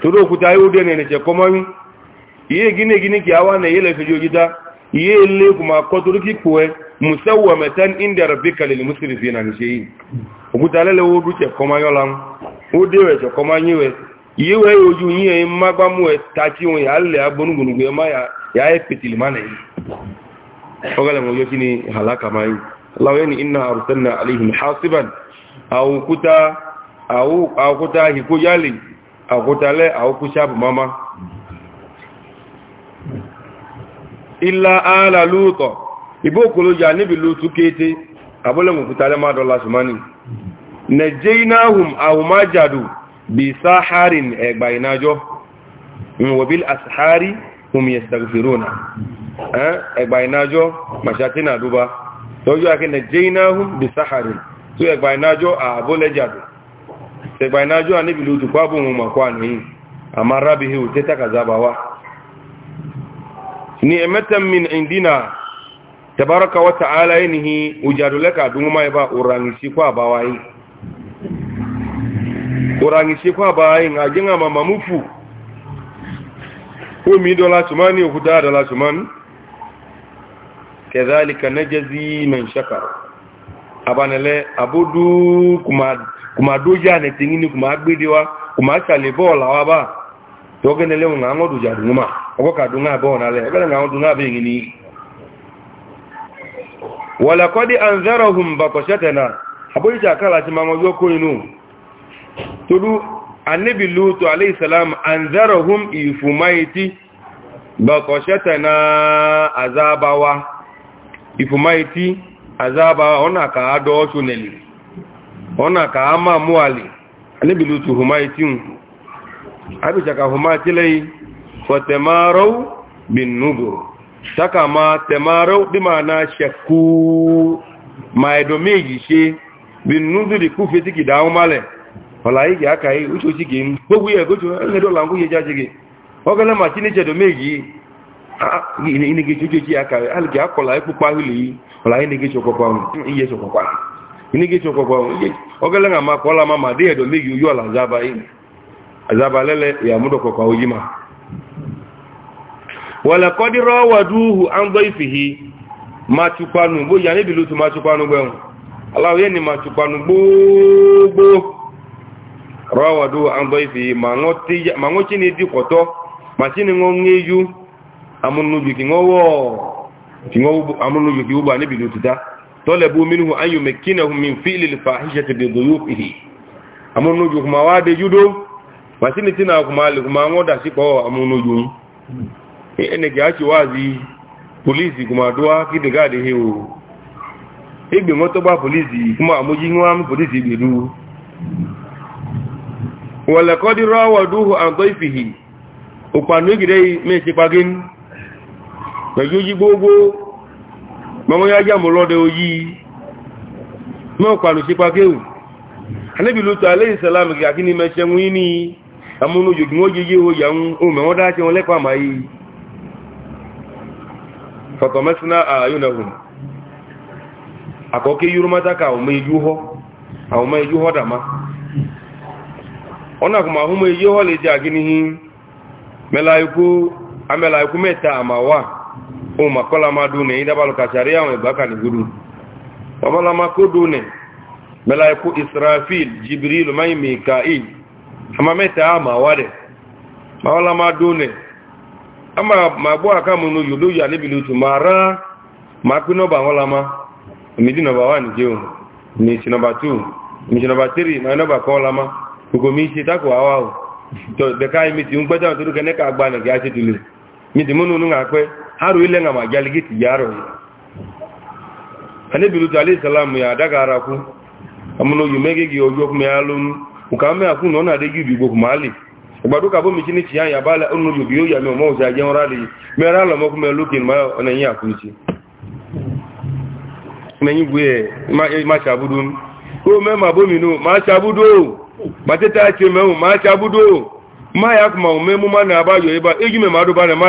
todo òkúta yóò dẹ̀ nẹ̀nẹ̀jẹ̀ kọmọ́rí iye gínegíní kí a wá nà yẹ́lẹ̀ fi jojita iye ilé kùmà kọ́ torí kí kò ẹ musawa mẹ́tẹ́n indẹ̀rẹ̀ bí kalẹ̀ musulmi fi nà níṣe yìí òkúta lẹ́lẹ̀ wo dúkẹ̀ kọmọ́yọ́lá ó dẹ̀rẹ̀ jẹ̀ kọmọ́yíwẹ̀ iye wẹ́ ojú yíyẹ magbamu ẹ̀ tàkí wọn yà á lẹ̀ agbónúgbònúgbò ẹ̀ má yà á pètìlì má nà yìí ọgọ́lẹ̀ wọn yóò kí ni halaka máa yìí láwọn yẹn ni iná àrùsẹ́ na alihim hasiban àwòkúta àwòkúta àhìkó yálẹ̀ yìí àkútalẹ́ àwọ́kú sáàbù mọ́má ilá ààlà lóòtọ̀ ìbókòló yà níbi lóòtú kéte abúlẹ̀mùkútalẹ́ má dọ́lá ṣùmánì nẹ̀jẹ́ináhùn àwùmájàdù bí sáhárìn ẹgbà ìnájọ́ wọ̀bíl àsáhárí hùm yẹ̀sàgfìrónà ẹgbà ìnájọ́ màṣàtínà dúbá tọ́jú akẹ́ nẹ̀jẹ́ináhùn bí sáhárìn tó ẹgbà ìnájọ́ àbúlẹ̀jàdù tẹgbà ìnájú àníbì lójú pàbù ohun màkọ́ àníyìn àmà rábìhì ò tẹ́ta kàzába wá ní ẹmẹ́tẹ̀mìn ìdínà tẹbáraka wata aláyé ni hì òjàdùlẹ́kà dúnmọ́ ibá òrànìṣíkọ́ àbáwáyé òrànìṣíkọ́ àbáwáyé ń mama mufu. múfù omi dọ́lá ṣùgbọ́n ní òkúta dọ́lá ṣùgbọ́n kẹzálìkà nẹ́jẹ́zí mẹ́ṣẹ́kà abánilẹ́ abúdú kùmà kuma doja ne tingini kuma agbidiwa kuma chale bola waba togene le nga ngodu jaduma oko ka dunga bona le ebe nga ngodu nga bingini wala qad anzarahum baqashatana aboyi jakala ti ma ngojo ko inu tudu annabi lutu alayhi salam anzarahum ifumaiti baqashatana azabawa ifumaiti azabawa ona ka ado ona ka ama muwali anabi lutu a itin abi chaka huma tilai fa tamaru bin nubur chaka ma tamaru bi mana ma she bin Binu ku feti ki dawo male wala aka yi ucho chiki gbogbo ye gojo ele do langu ye ma chini che domeji ge chuchu chi aka akola wala ge chokopa chokopa inigi tso kɔkɔ ɔgɛlɛ ŋa ma kɔla ma ma de yɛ dɔ mi yɔ la zaba yi zaba lɛ lɛ yamu dɔ kɔkɔ awo yi ma wala kɔdirɔ wa duhu an dɔ ifihi ma bo yanni bi lutu ma tukpanu gbɛn alawo yɛ ni ma tukpanu gbogbo rɔ wa duhu an dɔ ifihi ma ŋɔ ti ma ŋɔ tsi ni di kɔtɔ ma tsi ni ŋɔ ŋe amunu bi ki ŋɔ wɔ ki ŋɔ amunu bi ki wo ba ne bi lutu ta. طلبوا منه أن يمكنهم من فعل الفاحشة بضيوفه أمون نجوه ما واد يدو وسنة تناكما لكما مودا سيقوا أمون نجوه إنك يأتي وازي polisi kuma duwa kidi gadi hewo igbe wọn tó bá polisi kuma àmójí wọn mú polisi gbèdú wọ̀lẹ̀kọ́dí rọ́wọ̀ dúhù àǹtọ́ ìfìhì òpànú ìgìdẹ́ mẹ́sí pagín pẹ̀lú yí gbogbo mọ́mọ́ yá jẹ́ mọ́lọ́dẹ̀ oyí mọ́kànlù sí pàkéwù anẹ́bì lótò alẹ́ ìsẹ̀lámù kí àkíní mẹ́ṣẹ̀wú ní amúnujògùn ó yẹ yíò yà ń mẹ́wọ́n dá ṣe i lẹ́kọ̀ọ́ àmà yìí fọ̀kọ̀mẹ́sìnà àyọ̀nàhùn àkọ́kẹ́ yúrọ́mátàkà àwọn ẹjú họ́ dàmá ọ̀nà àkùnmọ̀ àhúnmọ̀ họ́ ohun makola ma dune yi dabalo ka shari'a mai baka ni gudu wamala ma ko dune malaiku israfil jibril mai mika'il amma meta ma wade mawala ma dune amma ma bo aka mu no ba wala ma midina ba wani jeu ni sino ba tu ni sino ba tiri ma ma ko mi shi to de kai mi ti un gbadan to ke ne ka gba na haru ile nga majaligi yaro ya anibi lutu ala salamu ya dagara ku amuno yumege gi ojo ku mealun ukame aku no na deju bi gboku mali igbadu ka bo mi chini chiya ya bala onu yubi yo ya me mo ja je orali me ra lo mo ku lukin ma ona yin aku chi me yin buye ma ma chabudun ko me ma bo ma chabudo ma teta che me ma chabudo ma ya ku ma o me mu ma na ba yo iba eju ma do ba na ma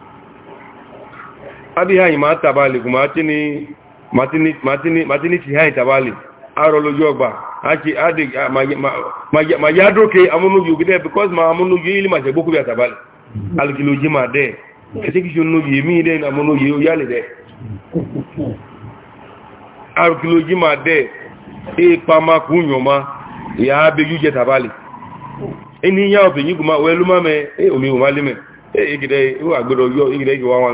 abi ha ima tabali kuma atini matini matini matini ti ha tabali aro loju ogba aki ade ma ma ya doke amunu yu because ma amunu yu ma se boku ya tabali alkiloji ma de kete ki junu yi mi de amunu yu ya le ma de e pa ma ya be tabali eni ya obi yi welu ma e omi o ma le me e, e gide o e, agbedo yo igide e ki wa wa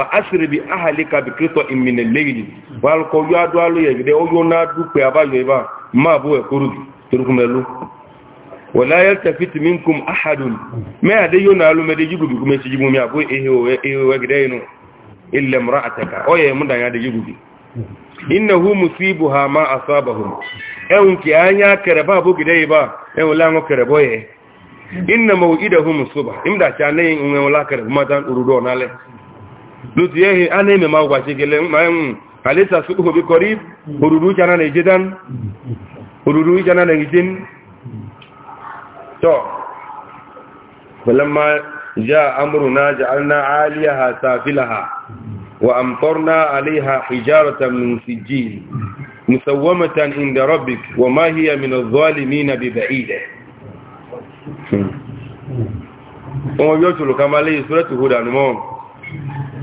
fa asiri bi ahalika bi kristo imine leili wal ko adu alu ye de o na du pe abayo iba ma abu e koru turukum elu wala yaltafit minkum ahadun ma ade yo na alu me de jibu bi kuma ci jibu mi abo ehe o ehe o gide no illa imra'ataka o ye mun ya de jibu bi innahu musibuha ma asabahum ehun ki anya kare ba bo gide iba ehun la ngo kare boye inna maw'idahum subh imda cha ne ngwe la kare kuma dan urudo na lutu yehi a na-eme ma ụgwachi gele mmanwụ alisa sukuhu bi kori oruru jana na ejidan oruru jana na ejidin to falamma ja amruna ja'alna 'aliyaha safilaha wa amtarna 'alayha hijaratan min sijil musawwamatan inda rabbik wa ma min adh-dhalimin biba'id ọmọ hmm. yóò ṣòlò ká léyìn sórẹ́tù hùdà nù mọ́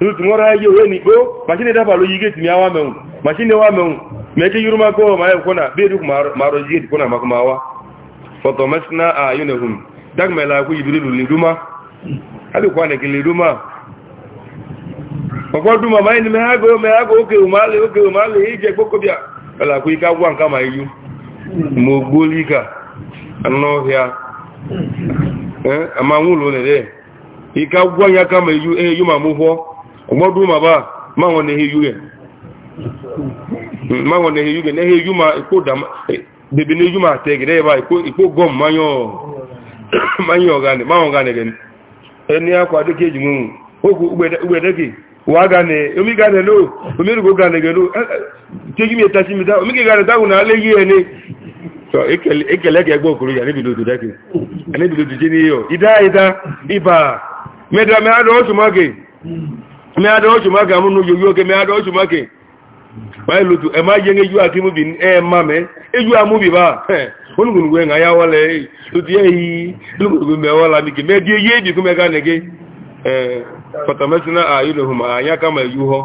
tu nwere a ji owe na ikpo machin dabal oyi geti ya awa menwu machin wa menwu ma eke yuru maka ma ya ekwo na bed kwu ma arozi etikwo na makamawa fotomasina ayunehum dagmela akwa ibiri luli ruma adịkwa na ekele ruma ọkwa duma ma anyị n'ime ha goo mee ha goo oke umali oke umali iji ekpokobia ala akwa ike agwa nka ma iyu ma ogbuoli ka anụ ọhịa eh, ama nwụlụ lere ike agwụgwọ anya aka ma iyu eh, ma ma mụhụọ ụgbọdụ ma ba ma ọ na ihe ya ma wọn na ihe ya na ma ikpo dama eh, bebe na ma ate ya ba ikpo gọm manya ọgani ma gani gani ẹni akwa dịka eji mụ oge ugbedeki wa gani omi gani lo omi gani gani eh, eh, e mi mi omi gani ala yi ẹni e so ekele ka okoro ya mẹ́adọ́ ọjọ́mọ́kẹ́ amúnú yóò yóò kẹ́ mẹ́adọ́ ọjọ́mọ́kẹ́ báyìí lòtù ẹ̀má yẹ́ ẹjú àti múbi ẹ̀ má mẹ́ ẹjú àmúbi bá olùgbòǹgbò ẹ̀ ńáyá wọlé lòtù yẹ́ yìí olùgbòǹgbò mẹ́wọ́ lami kì mẹ́ẹ̀dí yé ibi kú mẹ́ka nìké pọ̀tàmẹ́sìnà àyùnhùn àyàká mẹ́ ẹjú họ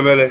họ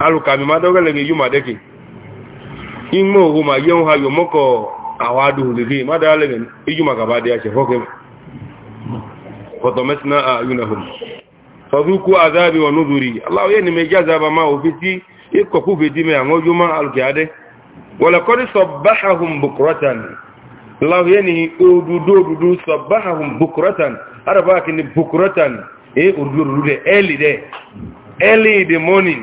alùkàmì má dọ́gẹ́lẹ̀ ní yóò má dẹ́kì ìmọ̀ òhun ma yẹ́ ń ha yóò mọ́kọ̀ àwọn adùn rèé má dọ́gẹ́lẹ̀ ní yóò má gàbá dẹ́ àṣẹ fọ́kẹ́ fọ́tọ̀mẹ́sìnà àyúnahùn fọ́dúkú azábi wọn núdúrí aláwọ̀ yẹ́ ni méjì azaba máa òfin tí ikọ̀ ni òdúdó òdúdó sọ̀báhàhùn bukuratan early there early the morning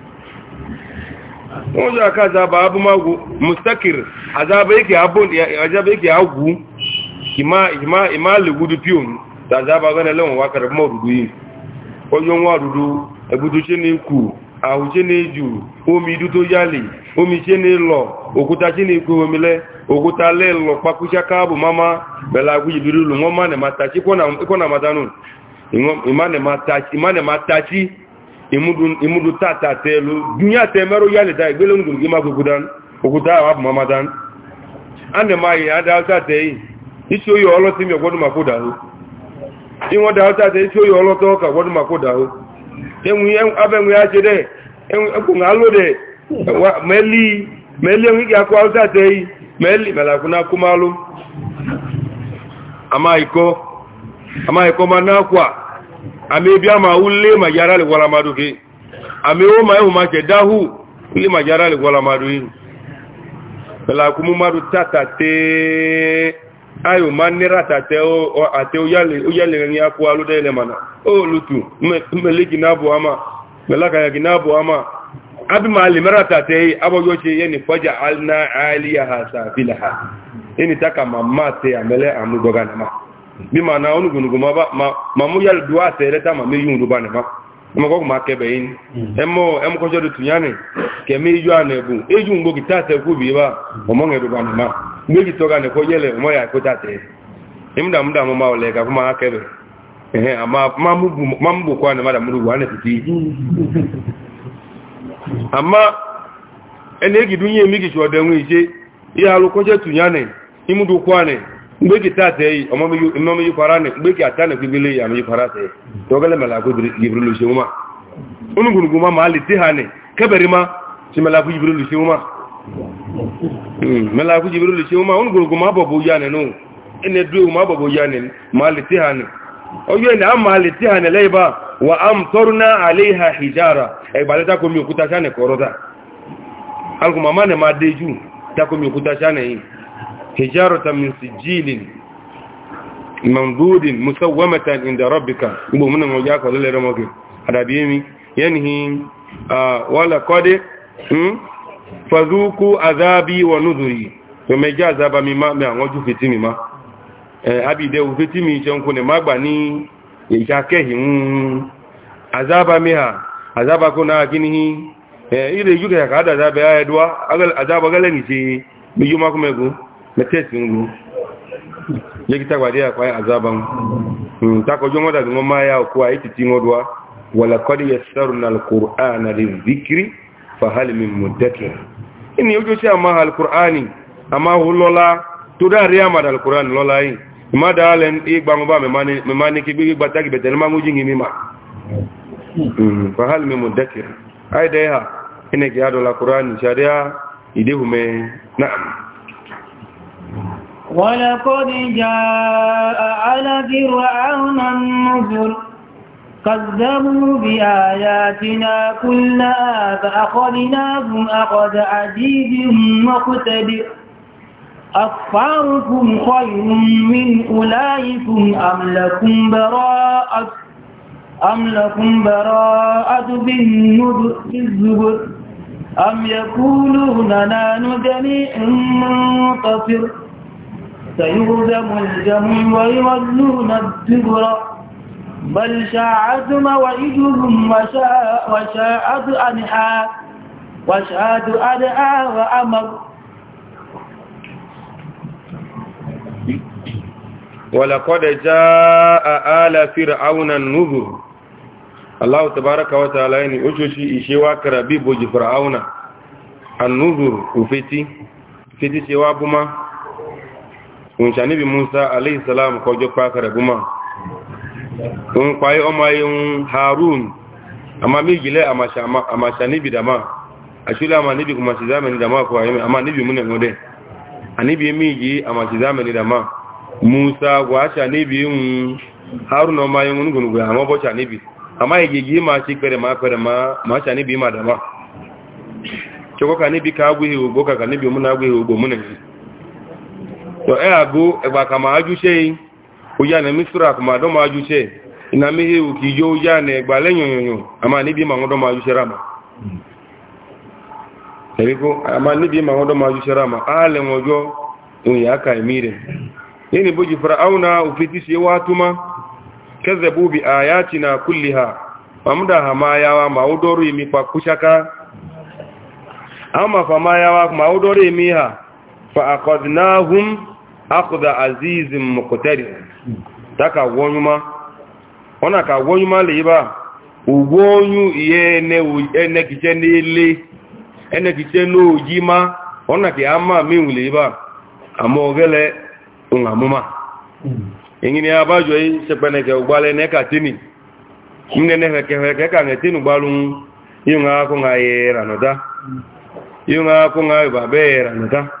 ụzọ aka azaba abụmagwụ mustakir azaba ike agwụ ima legwudu piom ta azaba gana ele nwa akara ma ọdụdụ yi onye nwa ruru egbuduche na ikwu ahụche na omi duto yali omi che na okwuta che na omile okwuta lelọ kpakwucha ka abụ mama bela agwụ jibiri ulu nwa ma na matachi ịkwa na matanu ima na matachi imudu imudu tata telu dunya te temero yale da gbele ngul gima ko gudan okuta wa mamadan ande mai ada ta te iso yo olo ti mi ko makoda ho iwo da ta te iso yo olo to ka ma ogodu makoda ho enwu en abenwu ya jede E ku ngalo de meli meli en ki akwa ta te meli mala kuna kumalu ama iko ama iko manakwa ame bia ma ule ma jara le wala maduke ame o ma ma ke dahu ule ma jara le wala maduke la kumu maru tata te ayo manera tate o, o ate o yale o yale ni apo alu de le mana lutu me me ama me la ka ama abi ma le mera tate abo yo che yeni faja alna aliyaha safilaha ini amele amudoga ma bí ma na onugunugu ma ba ma mu yal duwa sere ta ma me yundu ba ne ma ma ko ma kebe yin emo em ko jodu tunyane ke me yu ane bu eju ngbo ki ta ku bi ba o mo ngedu ba ne ma me ki toga ne ko yele ya ko ta mo ma ka kebe ama ma mu ma mu ko ne ma da mu ne ama gbégi tààtẹ̀ yìí ọmọ mi yí fara ní gbégi àtànà gbígbélé àmì yí fara tẹ̀ tọ́gẹ́lẹ̀ mẹ́làkú ìbìrìlù ṣe wọ́n onígbùnùgbùn ma máa lè tí ha ní kẹ́bẹ̀rí ma ṣe mẹ́làkú ìbìrìlù ṣe wọ́n mẹ́làkú ìbìrìlù ṣe wọ́n onígbùnùgbùn ma bọ̀ bó yá nínú ẹni dúró ma bọ̀ bó yá ní ma lè tí ha ní ọjọ́ ẹni a máa lè tí ha ní lẹ́yìnbá wà á tọ́rù náà ha hijara ẹgbàlẹ́ takomi òkúta sáà hijaratan min sijilin mandudin musawwamatan inda rabbika gbo mun mo ya ko le mo ke adabi mi yanhi wala qad hmm? fazuku azabi wa nuzuri to me ja azaba mi ma me àwọn ju fitimi ma eh abi de u fitimi je nko ne magba ni hmm? e, ya ke azaba mi ha azaba ko na kinihi eh ire ju ka da azaba ya edwa azaba gale ni ti mi ju ma ku megun mẹtẹẹsì ń lu yẹkítà gbàdé àkọ́ àzába ń takọjọ́ wọn dàbí wọn máa yá òkú ayé títí wọn dùá wàlà kọ́dí yẹ sẹ́rù náà kùránà lè zikiri fàhálìmì mùdẹ́kẹ̀ ìní ojú sí àmà alkùránì àmà hù lọ́la tó dáàrí àmà alkùránì lọ́la yìí ìmá dáálẹ̀ ìgbàmọ́bà mẹ́má ní kí gbígbà tàbí bẹ̀tẹ̀ ní máa ń jí ní mímà fàhálìmì mùdẹ́kẹ̀ àìdẹ́ ìhà ولقد جاء على فرعون النذر كذبوا بآياتنا كلها فأخذناهم أخذ عزيز مقتدر أكفاركم خير من أولئكم أم لكم براءة أم لكم براءة بالزبر أم يقولون لنا نجميع منتصر سيهزم الجمع ويولون الدبر بل شاعت موعدهم وشاءت أنحى وشاءت أدعى وأمر ولقد جاء آل فرعون النذر الله تبارك وتعالى ني اوشوشي ايشوا كربي بوج فرعون النذر وفتي فتي سوا بما nṣà níbi musa aleyhisalam kọjọ pàkàrẹ̀ gúnmà ń pàí ọmọ ayéhun harun àmà méjìlẹ̀ àmàṣà níbi dàmà àṣílẹ̀ àmà níbi kùmàṣìzámẹ̀ ní dàmà kò àyẹ́mì àmà níbi múnẹ̀ lọ́dẹ̀ àníbi méjì àmàṣìzámẹ̀ ní dàmà musa wàṣà níbi ń harun ọmọ ayéhun gùnùgù àmọ́ bọ́ṣà níbi àmà ìgègì máa ṣe pẹ̀rẹ̀ máa pẹ̀rẹ̀ máa ṣà níbi má dàmà ṣọkọ́ka níbi ká agbóhè ògbó kàkà níbi múnà agbóhè ògbó to e eh, ago egba kama ajuse oya na misra kuma do ma ajuse ina mi hewu ki yo ya na egba leyoyoyo ama ni bi ma ngodo ma ajuse rama eriko ama ni bi ma ngodo ma ajuse rama ale ngojo un ya ka emire yini boji fir'auna ufiti si watuma kazzabu bi ayatina kulliha amda hamayawa ma udoru imi kwa kushaka ama famayawa ma udoru imi ha fa aqadnahum akụda azizi mokoteri taka gwonyuma na ka gwonyuma liba ugonyu iye ene enekiche n'ile enekiche n'ojima na ki ama minwu liba ama ogele ngamuma ingini abajo yi sepeneke ugbale ne ka tini ngene heke heke ka ya ugbalun yunga ko ngayera nota yunga ko ngayi babera nota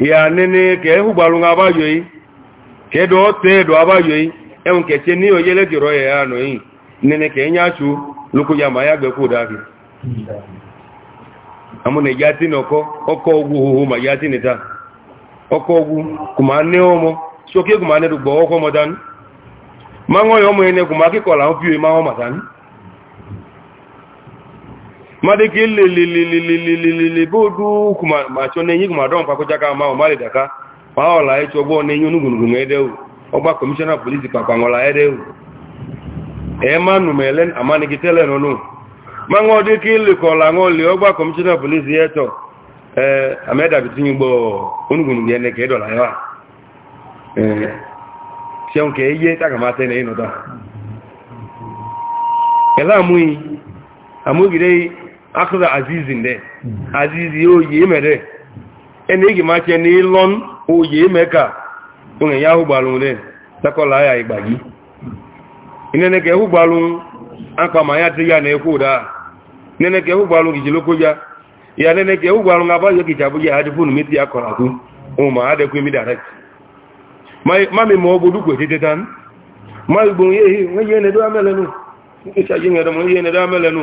ya nene ke ehu gbaru nga ke do te do abayo ni oyele giro ya anu yi nene ke nya chu luku ya ma ya gbe ku da ki amu ne jati no ko oko ogu hu ma jati ni ta oko ogu ne omo soke kuma ma la ma o ma madeke lelelelelelele bóòdú màtsọ n'enyi kò mà dọ́n pa kótsaka ma ọ̀ma le daka ma ọ̀la yẹ tsọ gbọ́ n'enyi onugunugu ŋɛ dɛ o ọgba kọmíṣánná polisi pàpà ŋɔla yɛ dɛ o ɛ ma numɛ lɛ amaneke tɛ lɛ nɔnú ma ŋɔ deke le kɔla ŋɔ le ọgba kọmíṣánná polisi la yɛ wa ɛ tiɛn kɛ yɛ takama amu yi akụda azizi ndị azizi oyi mere ene igi mache na ilon oyi eme ka onye ya hụgbalụ nde takọla ya igba gị inene ka hụgbalụ akpa ma ya dị ya na-ekwu ụda nene ka hụgbalụ gị jiloko ya ya nene ka hụgbalụ nga abaghị ogige abụghị ya adị funu miti ya kọrọ akụ ụmụ ma adịkwa imi direct mami ma ọ bụ dukwu etete tan ma igbo ihe ihe na-edo amelenu ihe na-edo amelenu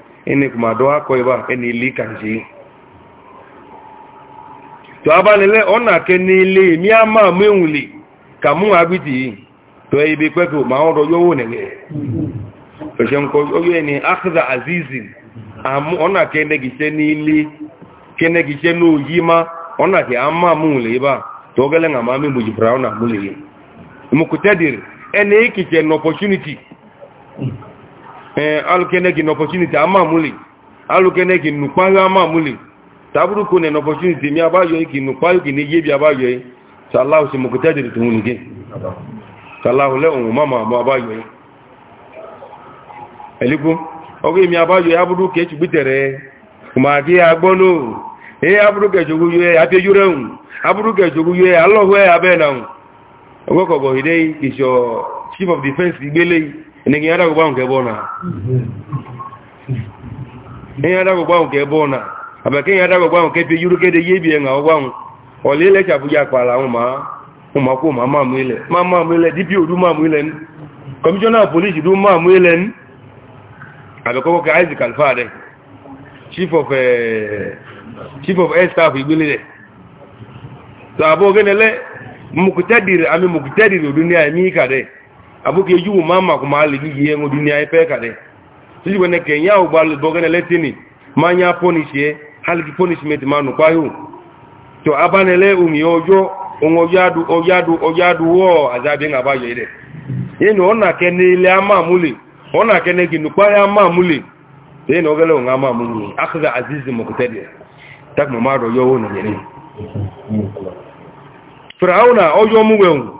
ẹni kò máa dọ́wà kọ ibá ẹni ilé kàṣí tó abánilẹ́ na kẹ ní ilé a máa ka lè kàmú àbítì yìí tó ibi pẹ́kẹ́ ma ń rọ yọ́wọ́ nẹ̀gẹ̀ ṣẹ̀ṣẹ̀ ń kọ yọ́ ẹni akza azizi ọ̀nà na nẹ́gìṣẹ́ ní ilé kẹ nẹ́gìṣẹ́ ní òyí má ọ̀nà kẹ a máa mu lè ibá opportunity Eh, alụkenegin ọpọchuniti amamuli alụkenegin nukpaghị amamuli taburuku na ọpọchuniti mi abayoyi ki nukpaghị ki na iyebi abayoyi salahu si mokuta diri tuhun nige salahu le ohun mama abu abayoyi eliku ọgbẹ́ mi abayoyi abudu kechu bitere kumadi agbonu ee abudu kechogu yue atejurehun abudu kechogu yue alọhue abẹ́nahun ọgbọ́kọ̀gọ̀ hide iṣọ́ chief of defense igbeleyi nigi yada ko bawo ke bona en yada ko bawo ke bona abake yada ko bawo ke pe yuru ke de yebi en awo bawo o le le chabu ya pala won ma won ma ko mama mu ile mama mu ile dipi odu ma mu ile ni commissioner police du ma mu ile ni abake ko ke Isaac Alfade chief of eh, chief of air staff igbele de so abo genele mukutadir ami mukutadir dunia mi ka de abụghị eji ma makwa ma ali gi ihe nwụ dị na ipe kadị tijigwe ne ke nya ahụ letini ma nya ponishie haligi ponishment ma nụ kwahu to abanele umi ojo na ojoadu ojoadu ojoadu wo ba yede yenu ona ile ama muli ona ya ama muli yenu ogele ama muli akhza aziz tak mamaro yo yene Firauna ojo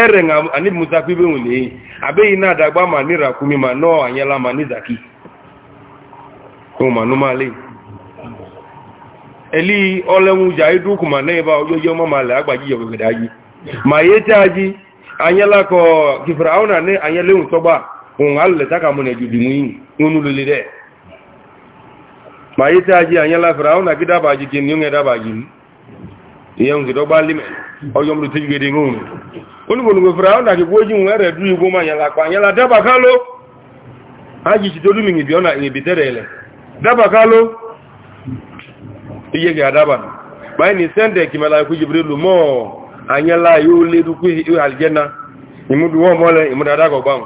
ẹrẹ̀ nga ani musa pípé wọn lè abẹ́yìn náà dàgbà mà ní ràkúmi mà náà àyẹ́lá mà ní zaki kó mà nú máa lè ẹ̀lí ọlẹ́wọ̀n jà ìdúkù mà náà ibà ọjọ́ yọmọ mà lè àgbàjì yọ gẹ̀gẹ̀dẹ̀ ají mà yé tí a jí àyẹ́lá kọ kìfìrà àwọn náà ní àyẹ́lẹ́wọ̀n sọ́gbà òun alùlẹ̀ táka mọ̀ nẹ̀ ọjọ́ mú tíjú gẹ̀dẹ̀ ìhùn onígbòlùgbò fìràún àti gbójú ẹ̀rẹ̀ dú igbó máa yànlá pa yànlá dábàká ló ájì ti tó lúmì ìbí ọ̀nà ìbí tẹ́rẹ̀ ilẹ̀ dábàká ló iye gẹ̀ àdábà báyìí ní sẹ́ndẹ̀ kí mẹ́la ikú jìbìrì lù mọ́ àyẹ́lá yóò lé dúkú àlìjẹ́na ìmúduwọ́ mọ́lẹ̀ ìmúdàdàkọ̀gbáhùn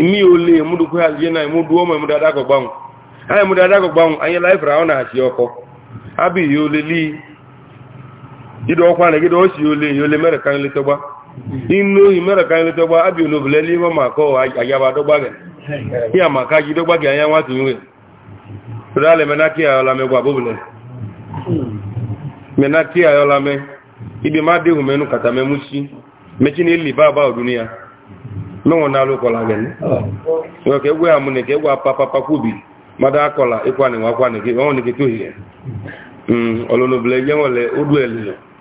ìmí ò lé ìmúdùkú àlìjẹ́na ido ọkwa na gido ole ole mere ka nleta gba ohi mere ka nleta gba abi onobule ele iwe maka ọwa ayaba dọgba gị ya maka ji dọgba gị anya nwata iwe tụrụ ala menaki ayọla me gwa bụbụle ayọla me ibi ma adịghị menu kata mechi na ili ba aba ya kọla ha mụ apapapa kwubi akọla gị hmm. Hmm, odu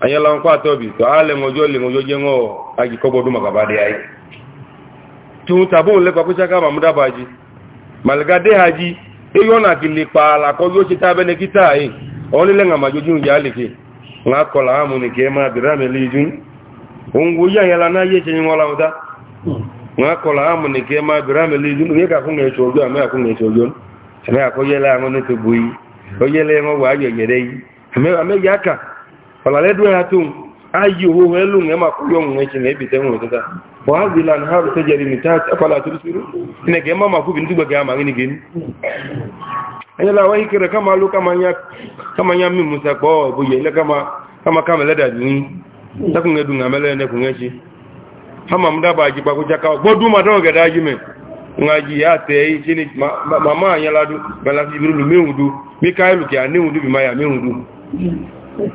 anya la nkwa alị to li ngojo le ngojo jengo agikobo duma kabade ai tu tabu le kwa kucha kama ji baji ha ji eyo na kilipa la ko yo chita bene kita ai oni le ngama joju ya leke nga kola amu ni kema birame lijun ya yala na ye chenye ngola uda a kola amu iju kema birame akwụ na ka kunge chojo ame ka kunge chojo ame ko yela ngo ne tubui ko yele ọ̀làlẹ́ dúró ya tó ayé owó elu ń ẹmà kúrò ọmọ ẹ̀kì ní ẹbí tẹ́wọ̀n tẹ́ta wọ́n á zìlá ní hàrù tẹ́jẹ̀ rí mìtá afọ́lá tó sírú ní ẹ̀kẹ́ má máa kúbi ní túgbẹ̀gẹ́ àmà ní gẹ̀ẹ́ni ẹ̀yẹ́lá wọ́n yí kẹrẹ káma ló káma yá kama musa pọ̀ ma ya mama yẹn la lu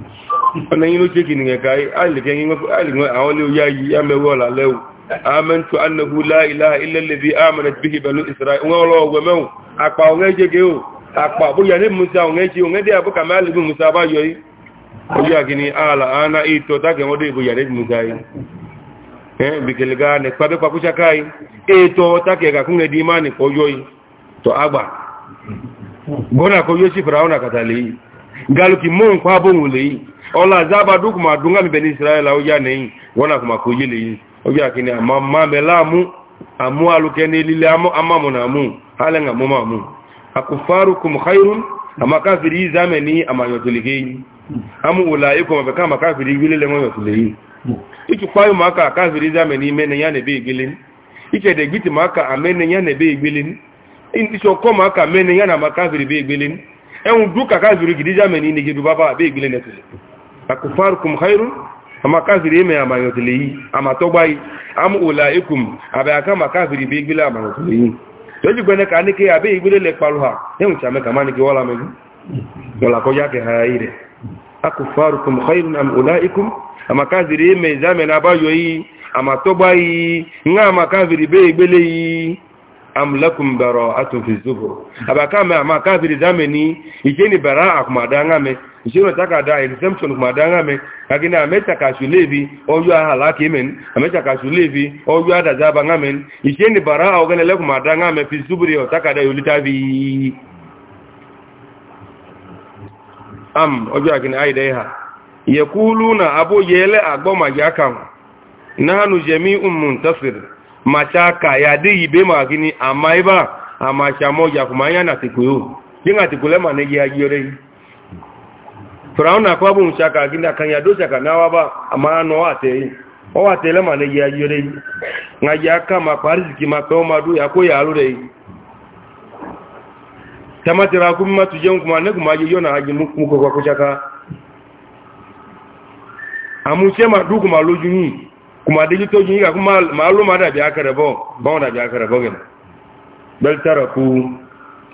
ọ̀nà yìí n'oche jẹ́ kì nìyẹn káyé àìlèkẹ́ àwọn ilé oyá yìí amẹ́wọ́ ọ̀là lẹ́wù amẹ́ntu annahu láìlá ilẹ̀lẹ́bí amẹ́nà bíi ìbẹ̀lú israel wọ́n akpa ọgbẹ̀ o musa ọ̀hún ẹ̀jẹ̀ ọ̀hún ẹ̀dẹ́ àbúkà máa lè musa bá yọ yìí oyá kì ní àlà àná ìtọ́ tákẹ́ wọ́n dé musa yìí ẹ̀ bìkẹ̀lẹ̀gá ní pàbẹ́ pàkúṣaká yìí ètò tákẹ́ kàkúnlẹ̀ dì má ní kọjọ́ yìí tọ́ àgbà gbọ́nà kọjọ́ ọlá azaba dúkù máa ọ gámi nẹ́yìn wọ́n kò yé ni àmàmẹ́lá àmú alùkẹ́ ní lílé amámùnàmù alẹ́ngàmọ́màmù akùfárùkùn khairun àmàkáfìrí ìzámẹ̀ a àmàyọ̀tòlẹ́gẹ́ yìí amú wòlá ikọ̀ mọ̀fẹ́ká àmàkáfìrí amu yìí ìtùpáyò máa ka àkáfìrí ìzámẹ̀ ní mẹ́nẹ̀yà nẹ̀bẹ́ ìgbélé ìkẹ̀dẹ̀gbìtì máa ka a nẹ̀bẹ́ ìgbélé ìṣọ̀kọ́ máa ka ìgbélé ẹ̀hùn gidi akufarukum khairun ama kafiri eme amayotile yi ama tọgba yi am ulaikum abe aka ma kafiri bi igbele amayotile yi lójú gbẹ́nẹ́ ka ní kí abé ìgbélé lè parọ́ ha ẹ̀hùn tí a mẹ́ka máa ní kí wọ́la mẹ́gbẹ́ wọ́la kọjá kẹ ha yìí rẹ̀ akufarukum khairun am ulaikum ama kafiri eme ìzámẹ́nà abáyọ yìí ama tọgba yìí ń ama kafiri bẹ́ ìgbélé yìí am lakum bara'atun fi zubur abaka me ama kafiri zamani ijeni bara'a kuma da ngame ìṣirò takada exemption kùmàdánà mi kagina amẹ́tàkàṣù léèfi ọjọ́ àhàlákì mẹ́n amẹ́tàkàṣù léèfi ọjọ́ àdàzába ńà mẹ́n ìṣẹ́ ní bàrá ọ̀gẹ́nẹ̀lẹ́ kùmàdánà mẹ́ fi súbúrì ọ̀takada yóò lítà fi am ọjọ́ àkínà àìdá ìhà yẹkúlù na abó yẹlẹ́ àgbọ́màjá kan náhánu jẹ́mí umun tasir màṣáka yàdé ìbé màkíní àmáyébá àmàṣàmọ́ yàkùmáyánà tìkúyò fìràún náà kọ́bùn ṣaka gínda kan yàdó ṣaka náwà bá a máa nọ àtẹ́yìn wọ́n wà tẹ́lẹ̀ mà ní yẹ ayẹ́rẹ́ yìí na yà ká ma parísìkì ma pẹ́ ọmọ adó yàkó yà ló rẹ̀ yìí tamatira kú mímá tu jẹun kuma nẹ́kùn ma yẹ yọ́nà ajé mú kọ́kọ́ kó ṣaka àmúṣẹ́ ma dú kuma lójú yìí kuma déjú tó yìí kàkú ma ló ma dàbí akẹrẹbọ báwọn dàbí akẹrẹbọ gẹ̀ bẹ́ẹ̀ tara kú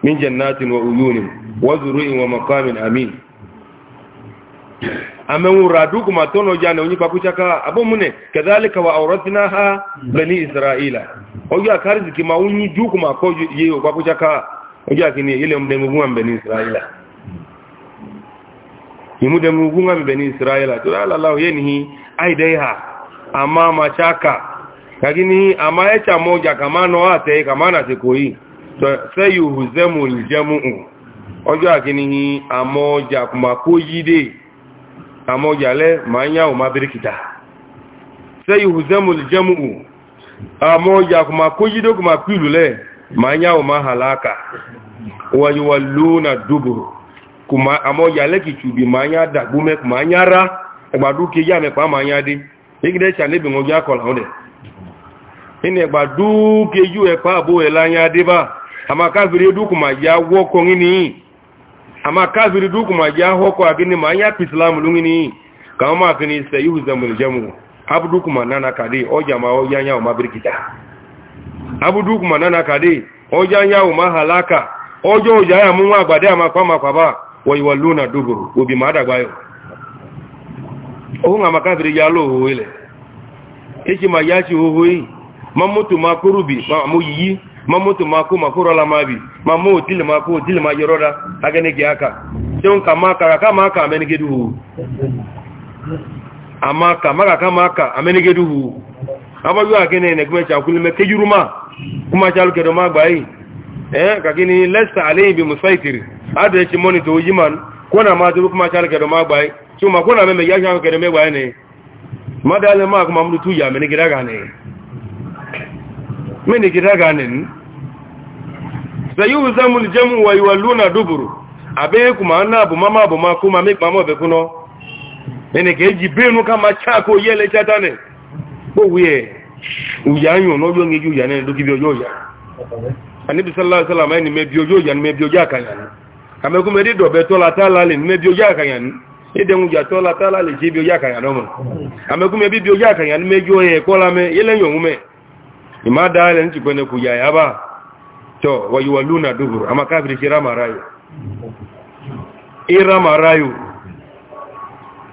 min jannatin wa uyunin wa zuru'in wa maqamin amin amen radu kuma tono jana onyi papu chaka abomune kadhalika wa awrathnaha bani israila oja karzi kima unyi du kuma ko yeyo papu chaka oja kini ile mdengu ngwa bani israila yimu dengu ngwa bani israila to la la yenhi aidaiha ama machaka lakini ama echa moja kama no ate kama na sikoi so sayuhzamul jamu oja kini ama moja kuma amójàlẹ́ ma ń yáwò má bíríkìtà sẹ́ ihù zẹ́mùlì jẹ́mùhù amójà kùmà kó yídó kùmà pìlù lẹ́ ma ń yáwò má hàlákà wàyíwà lónà dúbùrù kùmà amójàlẹ́ kìtùbì ma ń yá dàgbúmẹ́ kùmà ń yára ẹgbàdúkẹ yá mẹ́pàá ma ń yá dé amma kafiri duk ma ya hoko a gini ma ya fi islamu lungini kama ma gini sai yi huzamu jamu abu duk ma nana kade o jama'o ya yawo ma birkita abu duk ma nana kade o ya yawo ma halaka o jo ya ya mun wa gbade ma kwa ma kwa ba wa yawluna duburu obi ma da gbayo ohun ama kafiri ya lo ho ile eji ma ya ci ho ho yi ma mutu ma kurubi ma mu yi ma moto mako makoro la mabi ma mo dile mako dile ma yoroda agene gi aka don kama aka kama aka amenige duhu amaka maka kama aka ameni duhu aba yu agene ne gbe cha kulime kejuruma kuma cha lukedo ma gbai eh kakini lesta alayhi bi musaitir adu echi monito yiman kona ma duru kuma cha lukedo ma gbai chuma kona meme ya cha lukedo me gbai ne madale ma kuma mdu tuya amenige daga ne menige daga ne sayuhzamu jamu wa yuwalluna duburu abe kuma na bu mama bu ma kuma mi pamo be kuno ene keji benu kama chako yele chatane bo wiye uyanyo no yo ngeju yanene do kibi ojo ya anibi sallallahu alaihi wasallam ni me bi ojo yan me bi ojo akanya ame kuma ri do be to la tala le me bi ojo akanya ni ede nja to la tala le ji bi ojo akanya no mo ame kuma bi bi ojo akanya ni me jo e ko la me yele yo mu me imada le nti kwene ku ya ya ba to wayuwalluna dubur amma kafiri shi rama rayu in rama rayu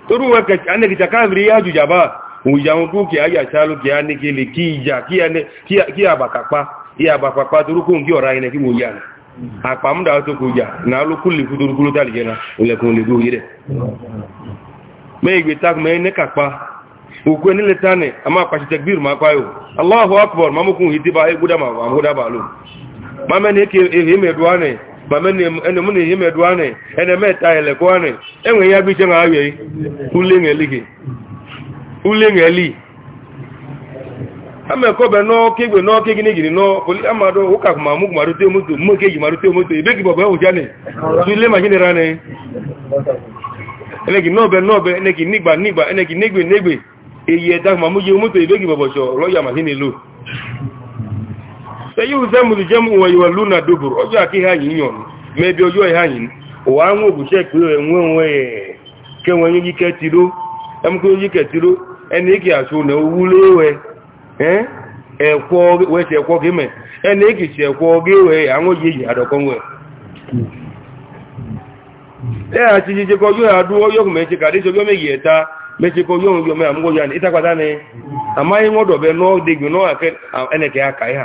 turu waka annabi ta kafiri ya juja ba wujan duki aya shalu ki ani ki li ki ja ki ani ki abakapa ki abakapa turu kun ki ora ina ki wujan apa mda to kuja na lu kulli fudur kulu tal jena ile kun le du yire me igbe tak me ne kapa ukwe ni le tane ama pa shi takbir ma kwayo allahu akbar mamukun hitiba e gudama ma gudaba lo mama ne ke ehime duane mama ne ene mun ehime duane ene meta ele kuane enwe ya bi che na ayo yi ule ngeli ke ule ngeli ama ko be no ke gbe no ke gini gini no poli amado uka kuma mu kuma rute moto mu ke ji marute moto ibe ki bobo o jane ule ma gini rane ene ki no be no be ene ki nigba nigba ene ki negbe negbe eye da kuma mu je moto ibe ki bobo so lo ya ma gini lo eyi uze mụrụ jem uwe iwe luna duburu ọjọọ aka ihe anyị nyọn mebi ọjọ ihe anyị ụwa anwụ obuche ekpere enwe onwe e. kenwe onye ike tiro emekwa onye ike tiro ẹni ike àṣọ na owúlé wẹ ẹ̀kọ́ wẹ́sẹ̀ ẹ̀kọ́ gímẹ̀ ẹni ike ṣe ẹ̀kọ́ gíwẹ̀ àwọn yìí àdọ̀kọ́ wẹ̀ ẹ̀ àti jíjẹ kọjú àdú ọyọ́ mẹ́ṣe kàdé ṣọjọ́ méjì ẹ̀ta mẹ́ṣe kọjú ọyọ́ mẹ́ àmúgbọ́jà ní ìtàkpátá ni àmáyé wọ́n dọ̀bẹ̀ náà dégbè náà ẹnẹ̀kẹ́ àkàyà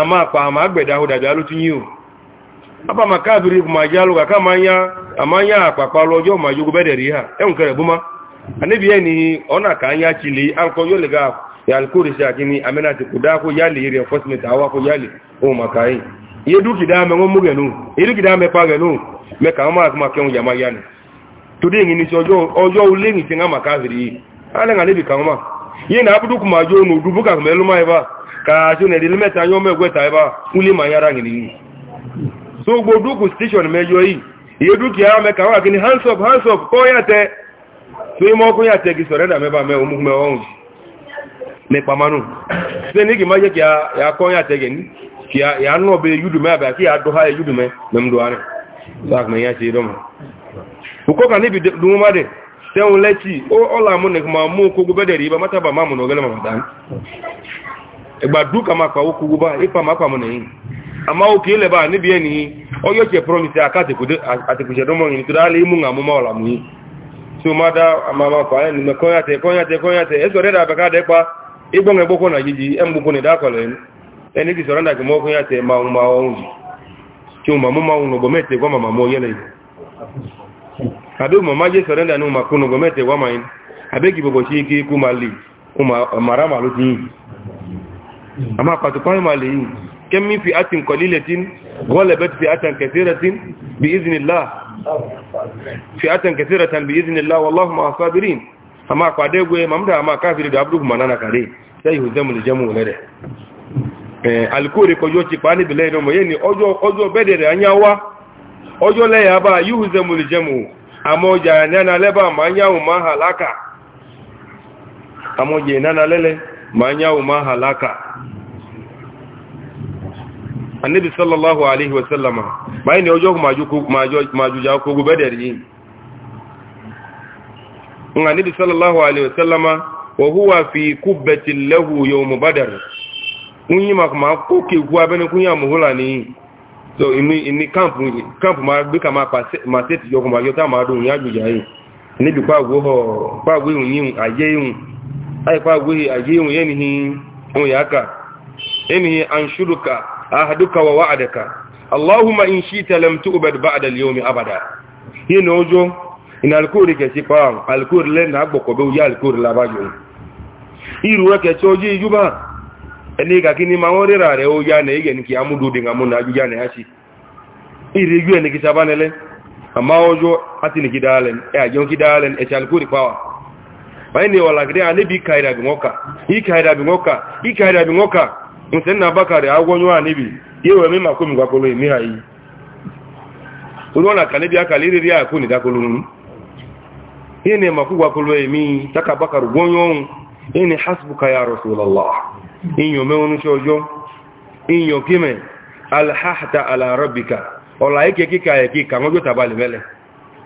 ama akpa ama agbede ahụ dabi alụtụ nye o aba ma kabiri bụ ma ji alụ ga ka manya amanya akpa kpalụ ọjọọ ma jogo bedere ha enwekere bụma anabi ya n'ihi ọ na-aka anya chili akọ yole ga ya alkorisi akini amenati kuda ako yali reinforcement awa ako yali o maka anyị ihe dukida ame nwe mụgenu ihe dukida ame pagenu mee ka ọma akụma kenwu ya maya ni today ngi ni ọjọọ ule ngi tinga maka abiri yi ala nga anabi ka ọma ihe na abụdukwu ma jọọ n'udu bụka melu ma ebe ka na edili meta anya omegweta ebe a kwuli ma nyara gị so ugbo duku station me iyi ihe duku ya mee ka nwa hands up hands up kọọ ya te so ime ọkụ ya te gị sọrọ na meba mee omume nụ mekpamanụ site na ma gị maje ka ya kọọ ya te gị ni ka ya nụ ka ya ya ọla na mụ ẹgbà dúkà máa pàwó kúgbó bá ipa máa pàmọ́ nìyí àmá òkè ilẹ̀ bá níbi ẹni ọyọ́ ṣe promise àkàtẹ̀kùṣẹ̀dọ́mọ̀ yìí tó dáálé mú àmú máa ọ̀làmù yìí tí ó máa dá la pààyàn nìmẹ̀ kọ́yàtẹ̀ kọ́yàtẹ̀ kọ́yàtẹ̀ ẹ̀sọ̀ rẹ̀ dàbẹ̀ká dẹ́pa igbọ́n ẹgbọ́kọ́ nà jíjí ẹmùkún ní dákọ̀lẹ̀ ẹni ike amma fatukan malayin kan min fi atin qalilatin ghalabat fi atan kathiratin bi idhnillah fi atan kathiratan bi idhnillah wallahu ma sabirin amma kwade goye mamda amma kafiri da abdu manana kare sai huzamu li jamu lare eh alkuri ko yochi pani bile no mo yeni ojo ojo bedere anyawa ojo le ya ba yuzamu li jamu amoja nana leba manyawu mahalaka amoje nana lele ma nyawo ma halaka annabi sallallahu alaihi wasallama bayan ne ojo majuja ko gube da riyi in sallallahu alaihi wasallama wa fi kubbatin lahu yawm badar kun yi makama ko ke guwa bene so ma gbe ka ma pa ma set yo ko ma yo ta ma do ya yi ni bi go aikwa gwehi a gihun yanihi on yaka yanihi an shuruka a haduka wa wa'adaka allahumma in shi ta lamtu ubad ba'da al-yawmi abada yin ojo in alkuri ke si pa alkuri le na gboko be ya alkuri la bajo iru ke choji yuba eni ga kini ma won rira re o ya na ige ni ki anyị na-ewala gịrị ya na ebe ịkarịrị abị nwoke ịkarịrị abị nwoke ịkarịrị abị nwoke nke nna abakarị agwọ nyụọ anebi ya wee mee maka omigwakolo eme ha iyi onye ọ na-aka nebi akara iriri ya akụ nidakolo nwu ihe na maka ụgwakolo eme iyi taka abakarị gwọ onye ọnwụ ihe na hasbuka ya rasulallah inyo menwonụcha ọjọọ inyo kime alhahta ala rabika ọla ike kika ya kika nwegota mele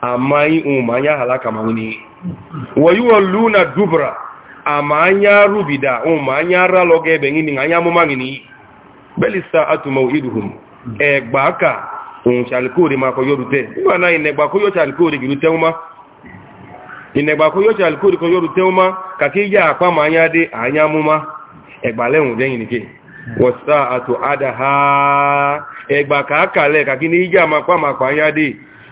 amai umanya halaka mauni wayuwa luna dubra amanya rubida umanya raloge bengini nganya mumangini beli saatu mauiduhum egbaka unchalikuri mako yorute bana inegba ko yochalikuri girute uma inegba ko yochalikuri ko yorute uma kakija apa manya de anya muma egbale un dengini ke wasaatu adaha egba kakale kakini ija mapa mapa anya de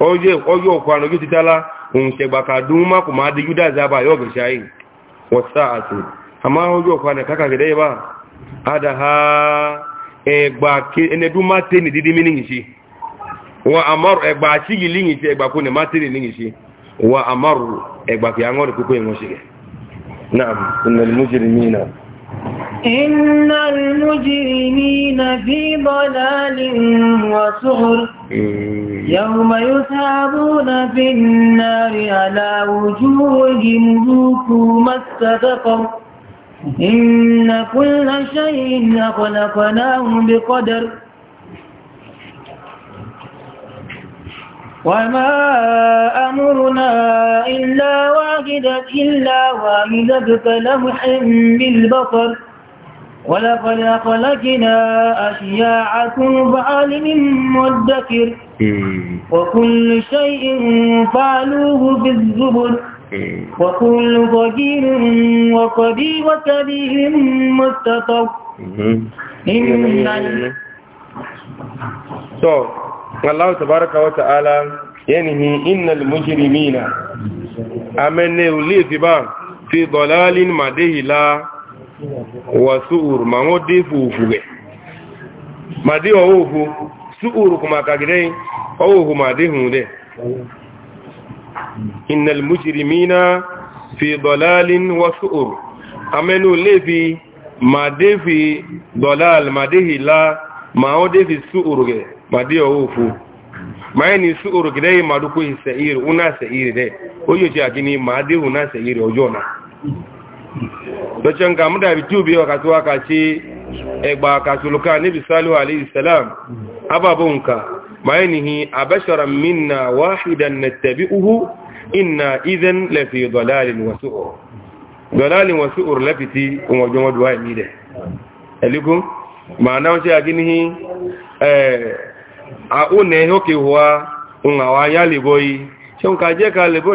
oye oyo kwano gi titala unse baka duma kuma da yuda zaba yo ga shayi wasa'atu amma oyo kwano kaka gide ba ada ha egba ke ene duma amar egba chi gili ngi egba ko amar egba ke angor ku ko ngo shige na'am إن المجرمين في ضلال وسعر يوم يسعبون في النار على وجوههم ذوقوا ما استذقوا إن كل شيء خلقناه بقدر وما أمرنا إلا واحدة إلا واحدة لمح بالبصر ولقد أخلقنا أشياعكم فعال من مدكر وكل شيء فعلوه في الزبر وكل ضجير وقدير وكبير مستطر so Allah tabaraka wa ta'ala yanhi innal mujrimina amanu li tiba fi dalalin madhila wa su'ur ma ngo de fufu ge ma de o fu su'ur kuma ka gide o fu ma de hu de innal mujrimina fi dalalin wa su'ur amenu lefi ma de fi dalal ma de hila ma o de fi su'ur ge ma de o fu ma e ni su'ur gide ma du ko sa'ir una sa'ir de o yo ti akini ma de una sa'ir ojo na lọ́jọ́ ń ga múdàbí tí ó bí wákàtí wákàtí ẹgbà kàtùlùkà níbi sálíwà aléìsàlám abábọ̀nkà máa nìhí àbẹ́ṣọ́ra minna wáhìdàn na tẹ̀bí uhu inna izin lẹ́fì dọ̀láàlìn wasu ọ̀rọ̀ lẹ́fìtí ọmọjọ́ wọ́dúwà ìmí rẹ̀ ẹ̀lẹ́gún ma náà ṣe agínihí àúnẹ̀ ẹ̀hókè hùwá ń àwọn ayá lè bọ́ yìí ṣe ń kàjẹ́ ka lè bọ́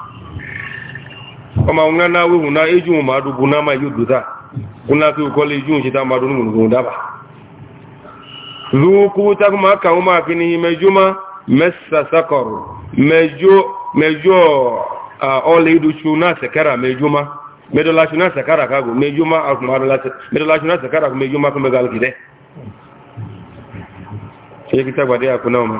ọmọ àwọn náà wéhù náà éjù wọn máa dùgbò náà máa yóò dùdá wọn náà tó kọ́lé éjù wọn ṣe tá máa dùn wọn gùn dábà lóòkú tákù máa kà wọn máa fi ní mẹjọ má mẹsàsákọrọ mẹjọ ọlẹ́ ìdúṣù náà sẹ̀kẹ́rà mẹjọ má mẹdọ̀láṣù náà sẹ̀kẹ́rà kágò mẹjọ má mẹdọ̀láṣù náà sẹ̀kẹ́rà mẹjọ má fún mẹgàlùkì dẹ́ ṣe kí tágbàdé àkúnáà mọ́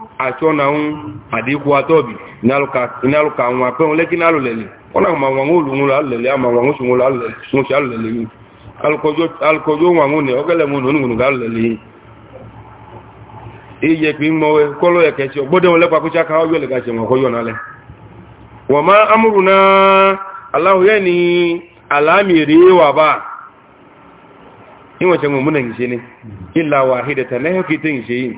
atsɔ na ŋu inaluka ŋu aƒe ŋu lɛki n'alu lɛli ɔna ma ŋua ŋu olu ŋu la alu lɛli ama ŋua ŋu su ŋu la alu lɛli ŋu si alu lɛli ŋu alukɔdzo alukɔdzo ŋua nɛ ɔkɛlɛ ŋu nɔnu ka alu lɛli eye kpi ŋmɔ wɛ kɔlɔ yɛ lɛ ɔyɔ na lɛ wɔma amuruna alahu yɛ ni wa ba iwɔn ŋun na nyi se ne ila wa ahi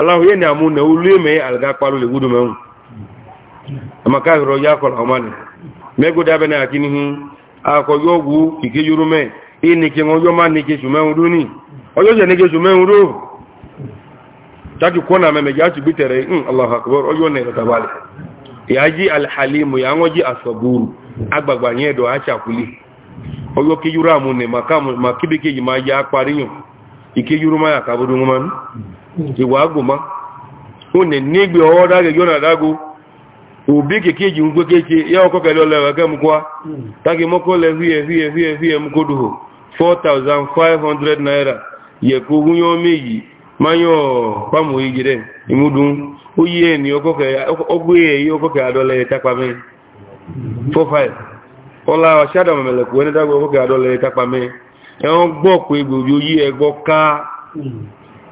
ala yẹ́ ni na nẹ̀ olú èmẹ́ àlgá parú lè gúdù mẹ́rún àmàká ìrọ̀ yá kọ̀lá ọmọ nì mẹ́gbó dábẹ́ náà kí ní hún akọ̀yọ́ wú ìké yorú mẹ́ ìnìkẹ́ yọ má ní kéṣù mẹ́rún rú ní ọjọ́ jẹ́ ní kéṣù mẹ́rún rú ya kọ́nà mẹ́mẹ́ já ti gbítẹ̀rẹ̀ ń hmm, allah akbar ọjọ́ nẹ̀ ìrọ̀tàbálẹ̀ ìyá jí alhalimu ìyá ji jí ìwà agùnmá ó nè nígbè ọwọ́ dáre yóò nàdágo òbí kèké jù ń ya yá ọkọ́ kẹlẹ́ ọlọ́rọ̀ ẹ̀kẹ́ mú kwá tági mọ́kọ́ lẹ húyẹ̀ 4,500 naira yẹ̀kọ́ wúyọ́ méjì máyọ̀ pàmò igi rẹ̀ ìmúdùn ó yí ẹ̀ ní ọkọ́ kẹ adọ́lẹ̀ tápamẹ́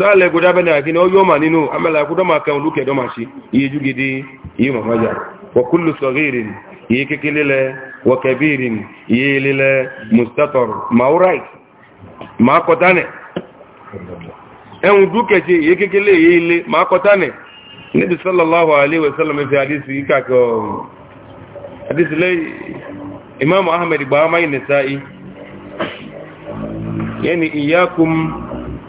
tọ́lá lẹ gbọdá bẹ́ẹ̀ náà kí ni ó yóò mà nínú amẹ́lá gbọdọ́ máa kẹun lókè ẹ̀dọ́ máa ṣe iye ju gidi iye màmá jà wọ́kúlù sọ̀rìrìn iye kékeré lẹ wọ́kẹ̀bìrìn iye ilé lẹ mustator maurait máa kọtánẹ̀ ẹ̀hùn dúkẹ̀ṣe iye kékeré iye ilé máa yẹni ìyákùn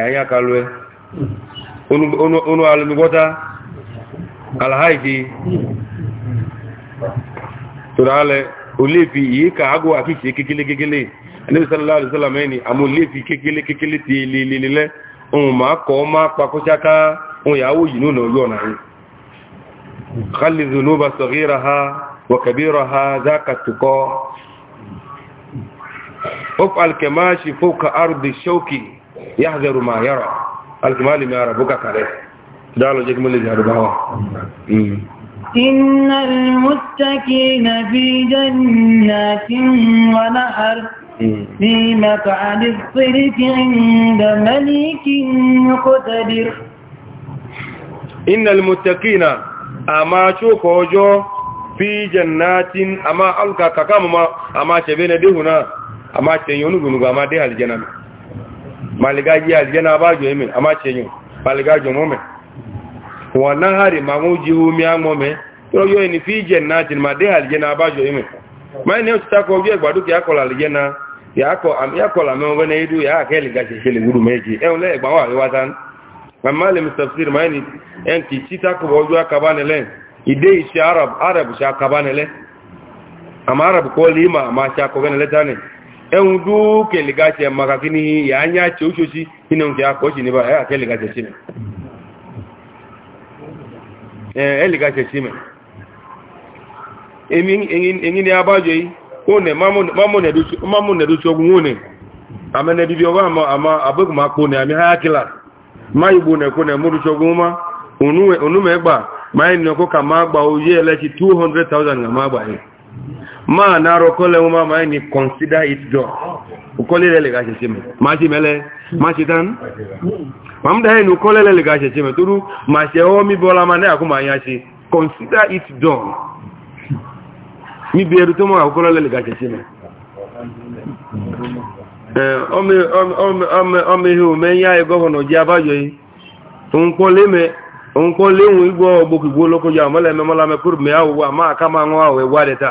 ẹ̀yà kalu ẹ onu alùmígbọ́ta alhaiki tòrálẹ̀ oléfi yìí ka agó àkíkì kékeré kékeré anẹ́bìsánilá alìsọ́lá mẹ́ni àmú oléfi kékeré kékeré ti lélẹ́lẹ́ ohun ma kọ́ ma pakọ́ṣáká ohun yàwó yìí nínú yọ̀ náà خلي ذنوب صغيرها وكبيرها ذاك التقاء افعل كماشي فوق أرض الشوك يحذر ما يرى الكمال ما ربك كره دالو جيك مولي جارو باوا إن المتقين في جنات ونهر في مقعد الصدق عند مليك مقتدر إن المتقين أما شوكو جو fi jannatin amma alka kakama ma amma ce bene dihuna amma ce yonugunugu amma dai aljanna maliga yi aljana ba jo emi ama chenyo maliga jo mome wa nahari mamuji hu mi amome to yo ni fi jannatin ma de aljana ba jo emi ne o ko je gbadu ki akola aljana ya ko am ya kola me wona idu ya akeli ga se sele guru meji e onle egba wa wa tan mamma le mustafsir ma ni en ti chita ko bojo akabane le ide isi arab arab sha akabane le ama arab ko lima ma sha ko gane le tane ẹun dúó maka makakí ní ìyà anyá tí ó ṣoṣí nínú ti akọ́ṣì níbà ẹ̀yà kẹlẹ̀gáṣẹ́ símẹ̀ ẹ̀lẹ̀gáṣẹ́ símẹ̀ èyí ni a yìí ó nẹ̀ ma ṣogun ó nẹ̀ àmẹ́nẹ̀dúbí ọwọ́ àmà abẹ́kùnmápò nẹ̀ àmì háyákìlá má ma nẹ̀kú nẹ̀ ma ṣogun má onúmẹ̀ẹ́gbà má ìnìyàn kó kà 200,000 nà má gbà ma na kọ́lẹ̀ wọn máa ni consider it done kọ́lẹ̀ lẹ́lẹ̀ ká ṣe ṣe mẹ́ máa ṣe mẹ́lẹ́ máa ṣe dánú máa ń dá ẹnu kọ́lẹ̀ lẹ́lẹ̀ ká ṣe ma mẹ́ torú máa ṣe ọ́ mí bọ́lá máa náà kó máa consider it done níbi ẹrù tó ji kọ́lẹ̀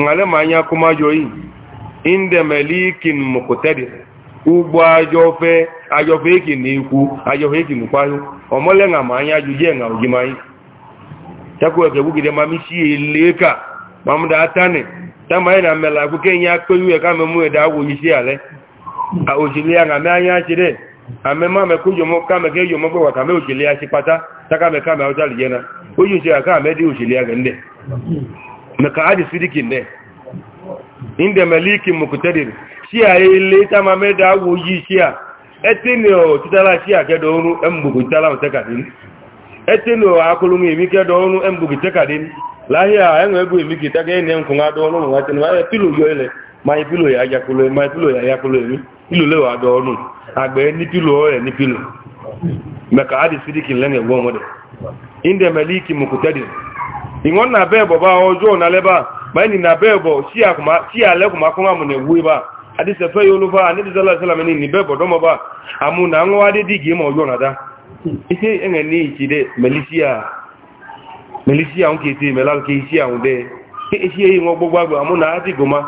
ngale ma anya kuma joyi inde malikin muqtadir ugbo ajofe ajofe ki ni iku ajofe ki nupayo omole nga ma anya juje nga ojimai taku eke bugide ma mi si eleka mamda atane tama ina mela ku kenya koyu e ka memu e dawo yi si ale a ojile nga me anya chire ame ma me kujo mo ka me ke yo mo gwa ka me ojile asipata taka me ka me ojali jena oyu se aka me di ojile ga nde mẹ́kàájì sídìkì nẹ́ ìndẹ̀ mẹ́líkì mọ̀kútẹ́dìrì tí a yẹ ilé tàmà mẹ́dà wo yí sí à ẹtẹ́nì ọ̀ títàlá sí àkẹ́dọ̀ ọrún ẹmùgbògbò títàlá ọ̀tẹ́kàdín emi ọ̀ akọlùmí èmi kẹ́dọ̀ ọrún ẹmùgbògbò tẹ́kàdín láhíà ẹ̀rùn ẹgbò èmi kì tẹ́kẹ́ ẹ̀nẹ́ nǹkan adọ́ ọlọ́run àti ẹ̀nìyàn pílò yọ ilẹ̀ ya ìwọ́n nà na bọ̀ bá ọjọ́ ọ̀nà lẹ́bà báyìí nà bẹ́ẹ̀ bọ̀ sí àlẹ́kùnmá kún àmù nà wúwe bá àdìsẹ̀ fẹ́ yóò ló fà àníbìsẹ́ lọ́sẹ̀lámi ní ní bẹ́ẹ̀ bọ̀ dọ́mọ bá àmù nà ń wá dédì gé mọ̀ ọjọ́ ọ̀nà dá iṣẹ́ ẹ̀rẹ̀ ní ìṣẹ̀dẹ̀ mẹlísíà ń kéte mẹlálùkè iṣẹ́ àwọn dẹ́ iṣẹ́ yìí wọ́n gbogbo àgbà àmù nà á ti gòmá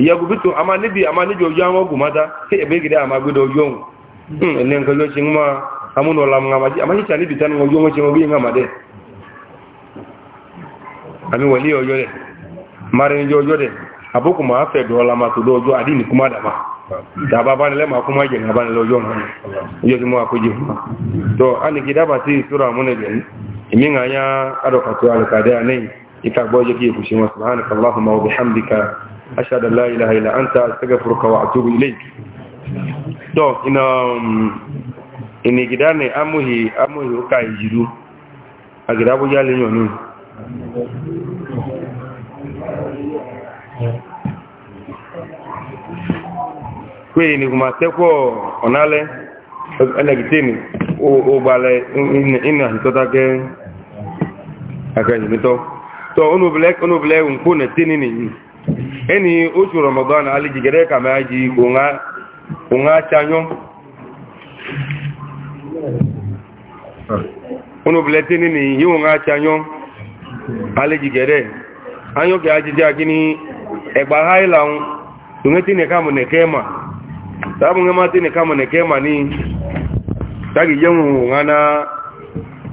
ìyàgùbìtò àmà níbi na níbi ọjọ́ àwọn gòmá dá sí ẹ̀bẹ́gẹ̀dẹ̀ àmà gbẹ́dọ̀ àmì wọlé ọjọ́ rẹ̀ márìnjẹ́ ọjọ́ rẹ̀ àbókù máa fẹ̀ dọ́ọ́lá máa tó dọ́ọjọ́ àdínì kú má dàmà dàbà bánilẹ́ máa kú má jẹ̀ ní abánilẹ́ ọjọ́ náà yóò ti mú wa tó ánìkì dábàá sí ìṣúra àmúnẹ̀jẹ̀ ní ìmí ń àyà àdọ̀kàtò àlùkàdé àlẹ́yìn ìkàgbọ́ jẹ́ kí èkó ṣe wọn máa wọ̀bẹ̀ hàmdíkà aṣáàdà láìláha ni amóhì amóhì ó ká ìjìdú àgìdábójá lẹ́yìn ọ̀nà kweli ni kumatekwo onale enegitini ugbale ina hitota ke akajimito to onubile onubile na tini ni eni oṣù ramadan alijigere kama aji kunga kunga chanyo onubile tini ni yunga chanyo aleji gere anyo ke ajiji agini egba haila un tungeti ne kamu ne kema sabu ngema ti ne kamu ne kema ni tagi jemu ngana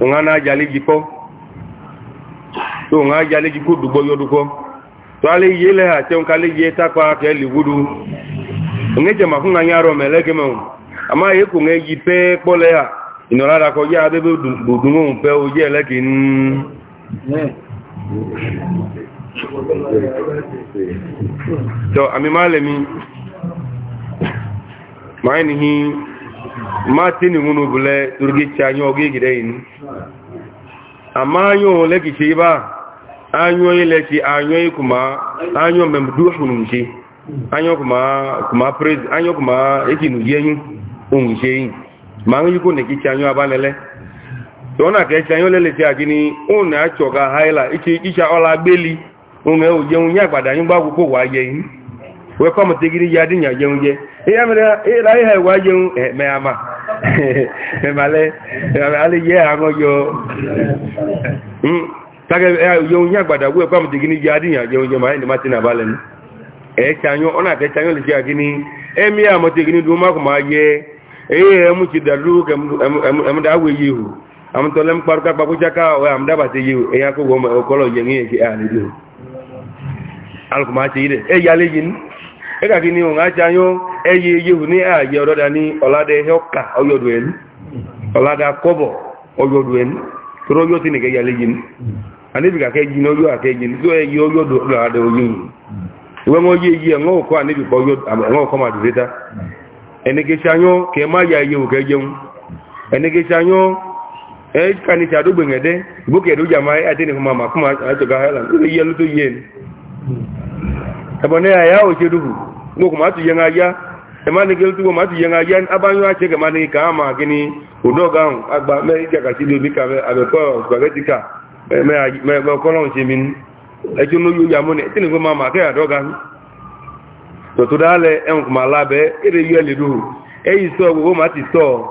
ngana jaleji ko to nga jaleji ko dugbo yoduko to ale yele ha ke liwudu ngeje makunga nyaro meleke ama pe ha ya to ami malami mainihi matini ngunu bule turgi chanyo gigide in amanyo leki chiba anyo leki anyo kuma anyo memduhun nji anyo kuma kuma praise anyo kuma ekinu yenyu mangi ko neki chanyo ona ka echa anyị olelechi a gị n'iyi ụnụ achọga haila iche icha ọla agbeli ụnụ ojenwu nye agbada anyị gba akwụkwọ gwa jehi wee kọmụtegiri ya dịnya jenwuje ya mere ịra ama nye agbada wee kọmụtegiri ya dịnya jenwuje ma anyị dị mati na abalị m echa ọ na-aka a gị emi ya amụtegiri dị ma je ihe emuchi ihu amtolem kparka kpakucha ka we amda bate yu e ya ko go ma okolo je ngi ki ali du alku ma ti de e yale yin e ka kini on aja yo e ye yu ni a je ododa ni olade hokka oyodu en olada kobo oyodu en toro yo ti ni ke yale yin ani bi ka ke jin oyo a ke jin so e yo yodu do ade oyin iwe mo ye ye ngo ko ani bi ko yo ngo ko ye o ke jeun ene e eh, kani ti adogbe ngede iboke edo jama ni kuma ma kuma ato ga hala ni ye lu to ye ni ebo ya o se kuma nga ya e ma ni gelu ma atu ye nga ya abanyu ache ga ma ni ka ma ti do mi ka a abe ko spaghetti ka se mi ya mo ni ti ni kuma ma ke ado ga to to dale en kuma e yi so gbo ma ti so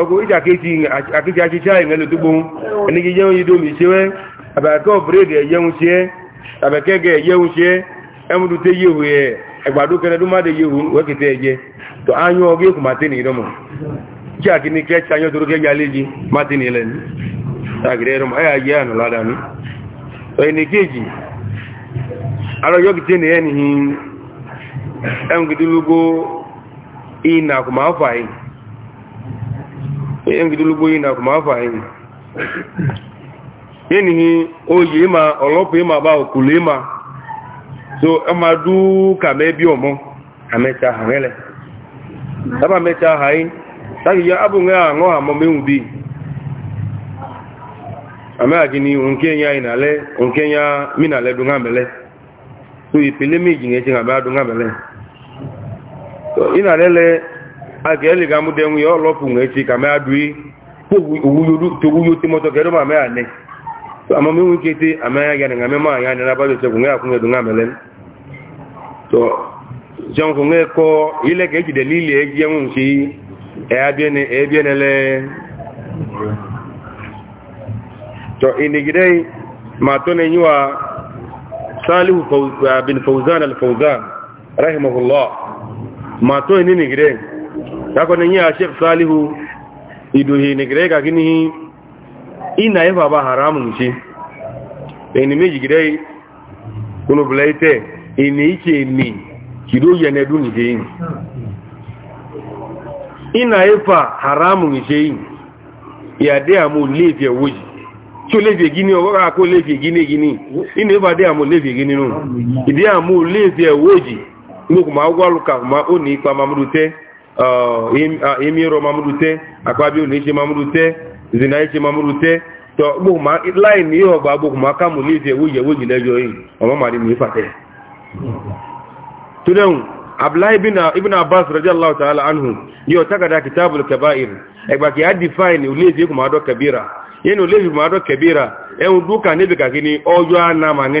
ọgbọ́gbọ́ ìjà àkéjì àṣíṣà ìrìnlẹ̀ lòdúgbò ẹnigi jẹun yìí dómi ṣe wẹ́ àbẹ̀kẹ́ ọ̀bẹ̀rẹ̀dì ẹ̀yẹun ṣe àbẹ̀kẹ́gẹ̀ ẹ̀yẹun ṣe ẹmùdú tẹ́ yẹ̀wò ẹ̀ ẹgbàdó kẹrẹdúmáde yẹ̀wò ẹ̀jẹ́ tó áyún ọgbẹ́ òkú ina kuma afayin yan gidi lugbo ina kuma afayin yanihi oye ma ọlọ́pọ̀ ma bá òkùnlé ma so ẹ ma dúkà mẹ́bí ọmọ àmẹ́ta àrẹ́lẹ̀ sábà mẹ́ta àáyí sáàkìyà ábùnrẹ́ àwọn àmọ́ mẹ́hùn bí àmẹ́àjì ni òǹkẹ́yà ìnàlẹ́ òǹkẹ́yà mínàlẹ́dùn àmẹ́lẹ́ so méjì ina lele ake eli ga mu denwe yo lopu ngechi ka me adui towuyo ti moto kero ma me ane so ama me wike ti ama ya gane ngame ma ya ne na ba de se kunga kunga dunga melen so jan ko nge ko ile ke ji delili e je mu si e abiene e biene le to ini gidei ma to ne yiwa salihu bin fawzan al fawzan rahimahullah ma to ni nigire tako ni ya sheikh salihu iduhi nigire ka kini ina yafa ba haramun shi eni meji gire kuno blaite ini iche mi kido yene du ni geyin ina yafa haramun shi ya amu lefi woji tí ó léfì gíní ọgọ́gá kó léfì gíní gíní inú ìbádé àmú léfì gíní nù ìdí àmú léfì ẹ̀wọ́ òjì ngoko ma gwalu ka ma oni ipa mamudu te imiro mamudu te akpabi oni ise mamudu te zina ise mamudu te to gbogbo ma láì ní ọgbà gbogbo ma kàmù ní ìṣẹ̀wò ìyẹ̀wò ìjìnlẹ́jọ yìí ọmọ màrí ní ìfàtẹ́ tó dẹ̀hùn abdullahi ibn abbas rajá ta'ala anhu yóò tagada kitabul kaba'ir ẹgbà kí a define olóòfin kò máa dọ́ kabira yẹn olóòfin kò máa dọ́ kabira ẹ̀hùn dúkà níbi kàkí ni ọjọ́ àná màá ń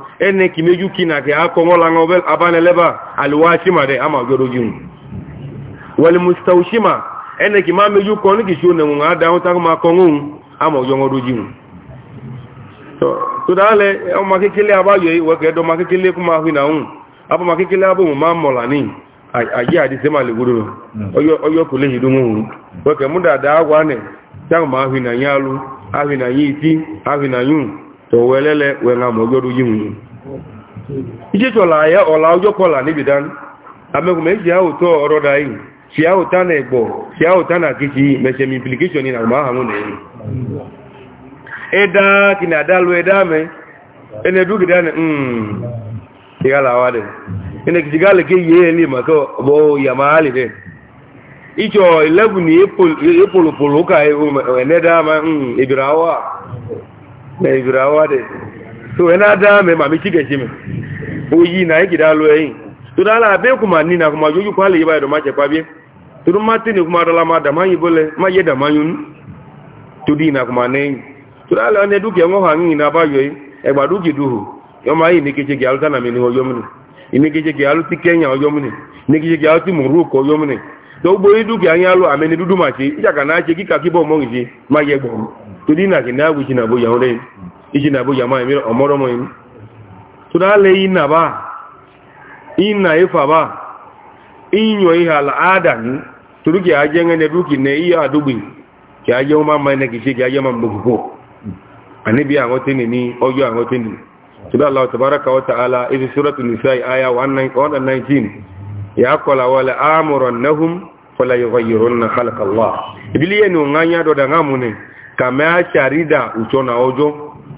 ene kimeju kina ke akongola ngobel abane leba alwashima de ama gorojun wal mustawshima ene ma kongun ama yongorojun to to o ma abayo yi we kedo kuma hina un aba ma kekele abu ma mola ni aye adi se ma le guru mm. oyo oyo kule ma hina nyalu ahina yi ahina yun to welele yimu ìjẹ́tọ̀lá ayá ọ̀lá ọjọ́ kọlà níbi dání amẹ́kùn méjì àwòtọ́ ọ̀rọ̀ dáyì ṣe àwòtá na ẹ̀gbọ̀ ṣe àwòtá na kìí mẹ́ṣẹ̀mí implication ní àgbà àwọn ẹ̀yìn ẹ̀dá kì ní àdálò ẹ̀dá mẹ́ ẹni dúkì dání ìyálàwà dẹ̀ ẹni kìí gálẹ̀ kí yé ẹni màkọ́ bọ́ yàmà álì dẹ̀ ìjọ 11 ní èpòlòpòlò ká ẹ̀ẹ́dá mẹ́ ìbìràwà dẹ̀ so ẹ náà dáa mẹ́ màmí kíkẹ̀ ṣe mẹ́ oyi na ẹ kìdá lọ ẹ̀yìn tó dáa láà bẹ́ẹ̀ kò máa nínà kò máa yójú pálẹ̀ yíba ma jẹ pàbí tó dún má tẹ́ ní kò máa dọ́la máa dàmá yìí bọ́lẹ̀ má yẹ dàmá yún tó dí ìnà kò nẹ́yìn tó dáa láà dúkìá wọn hàn yìí náà báyọ̀ ẹgbà dúkìá dùhù yọ máa yìí ní alùtánà mi ní ọjọ́ mi ní kéjege alù ti kẹ́nyà ọjọ́ mi ọjọ́ mi tó gbó dúkìá alù àmì dúdú ṣe iji na bu jama emir omoro mo yin to da le ina ba ina ifa ba inyo iha al'ada ni turuki aje ngene duki ne iya adubi ki aje o mama ne ki se ki aje mama bugo anibi awon tini ni ojo awon tini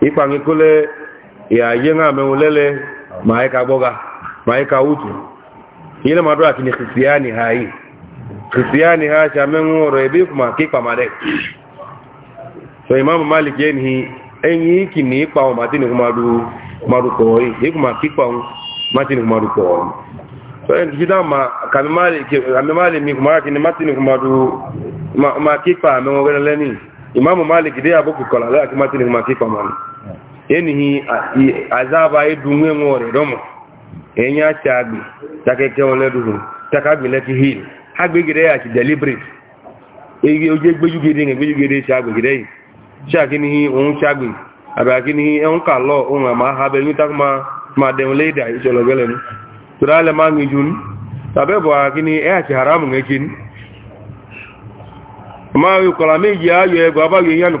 ikpangi kule ya ma yenga ameulele maika boga maika ma ile madura kini kristiani hai kristiani ha cha mengu rebi kuma kikpa made so imam malik yenhi enyi kini ikpa o matini kuma du maru koi ikuma kikpa o matini kuma du koi so en kidama kamimali kamimali mi kuma kini matini kuma du ma, ma kikpa mengu gele leni imam malik de aboku kola la kimatini kuma kikpa mani enihi azaba edunwe nwore romo enya chagbi takeke wole duhu takagbi leki hill agbe gire ya chi deliberate ege oje e, gbeju gire nge gbeju gire chagbi gire yi chagini hi ohun chagbi hi e, ka lo ama ha be ni takuma ma de wole da gele ni turale ma jun tabe bo e achi haramu nge kin ma yu kola ayo ego yanu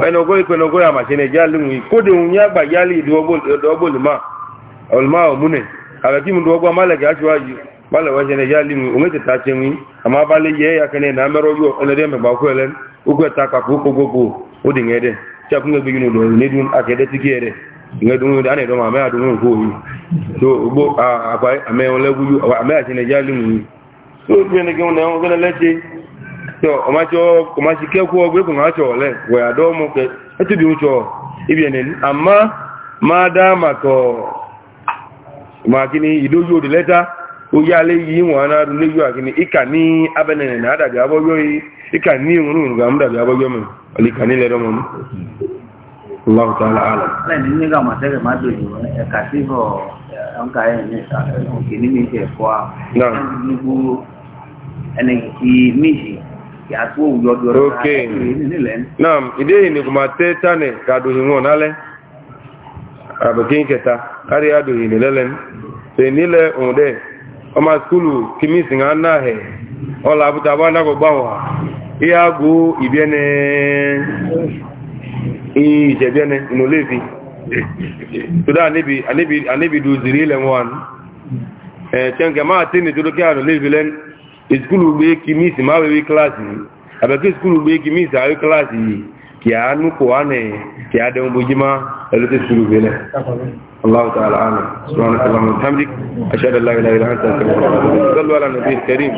ẹnogó ìpẹnogó yà màṣẹ́nẹ̀ jálì wù kódé wù yàgbà jálì ìdúwọ́gbò lùmá ọlùmá ọ̀múnẹ̀ àbẹ̀kí mu dúwọ́gbà ye aṣíwájú málẹ̀ wáṣẹ́nẹ̀ jálì wù òun tètè àṣẹ wù àmà abalẹ̀ yẹ ẹ̀yàkẹ́nẹ̀ nà mẹ́rọ yọ ọlọ́dẹ́ O kú ẹlẹ́ ukú ẹ̀ta kàkú gbogbo ó dì ń ẹ̀dẹ̀ tí a kún gbẹ́gbẹ́ yìí lọ ní dún akẹ́dẹ́ tí kí ẹ̀dẹ̀ ìgbẹ́ dún ní yo omacho komachi ke ku ogwe ku ngacho le we adomo ke etu bi ucho ibienen amma madama ko makini idojo de letter o ya le yi won na du leyo akini ikani abenene na adabi aboyo yi ikani irun run ga mda bi aboyo mi ali kani le romo Allah ta'ala alam. Lẹ́yìn ní nígbà màtẹ́rẹ̀ má dòjò ẹ̀ka síbọ̀ ọ̀nkà ẹ̀ ní Okay. Naam, ide ni kuma te tane ka aduhi hin won ale. Abukin keta, ari aduhi hin lelen. Se ni le on de. O ma skulu kimi singa na he. Ola abuta ba na go gba wa. Iya go ibiene. I je biene no levi. Tuda anibi anibi anibi du ziri le wan. Eh, tenga ma tini tudo kia no levi len. sukulu gbe ki misi ma wewe kilasi abeke sukulu gbe ki misi awe kilasi ki a nuko wane ki a dẹmu bojima ẹlẹtẹ sukulu gbe lẹ allahu ta'ala ana subhanahu wa ta'ala hamdik ashhadu an la ilaha illa anta astaghfiruka wa atubu ilayk sallu ala nabiyil karim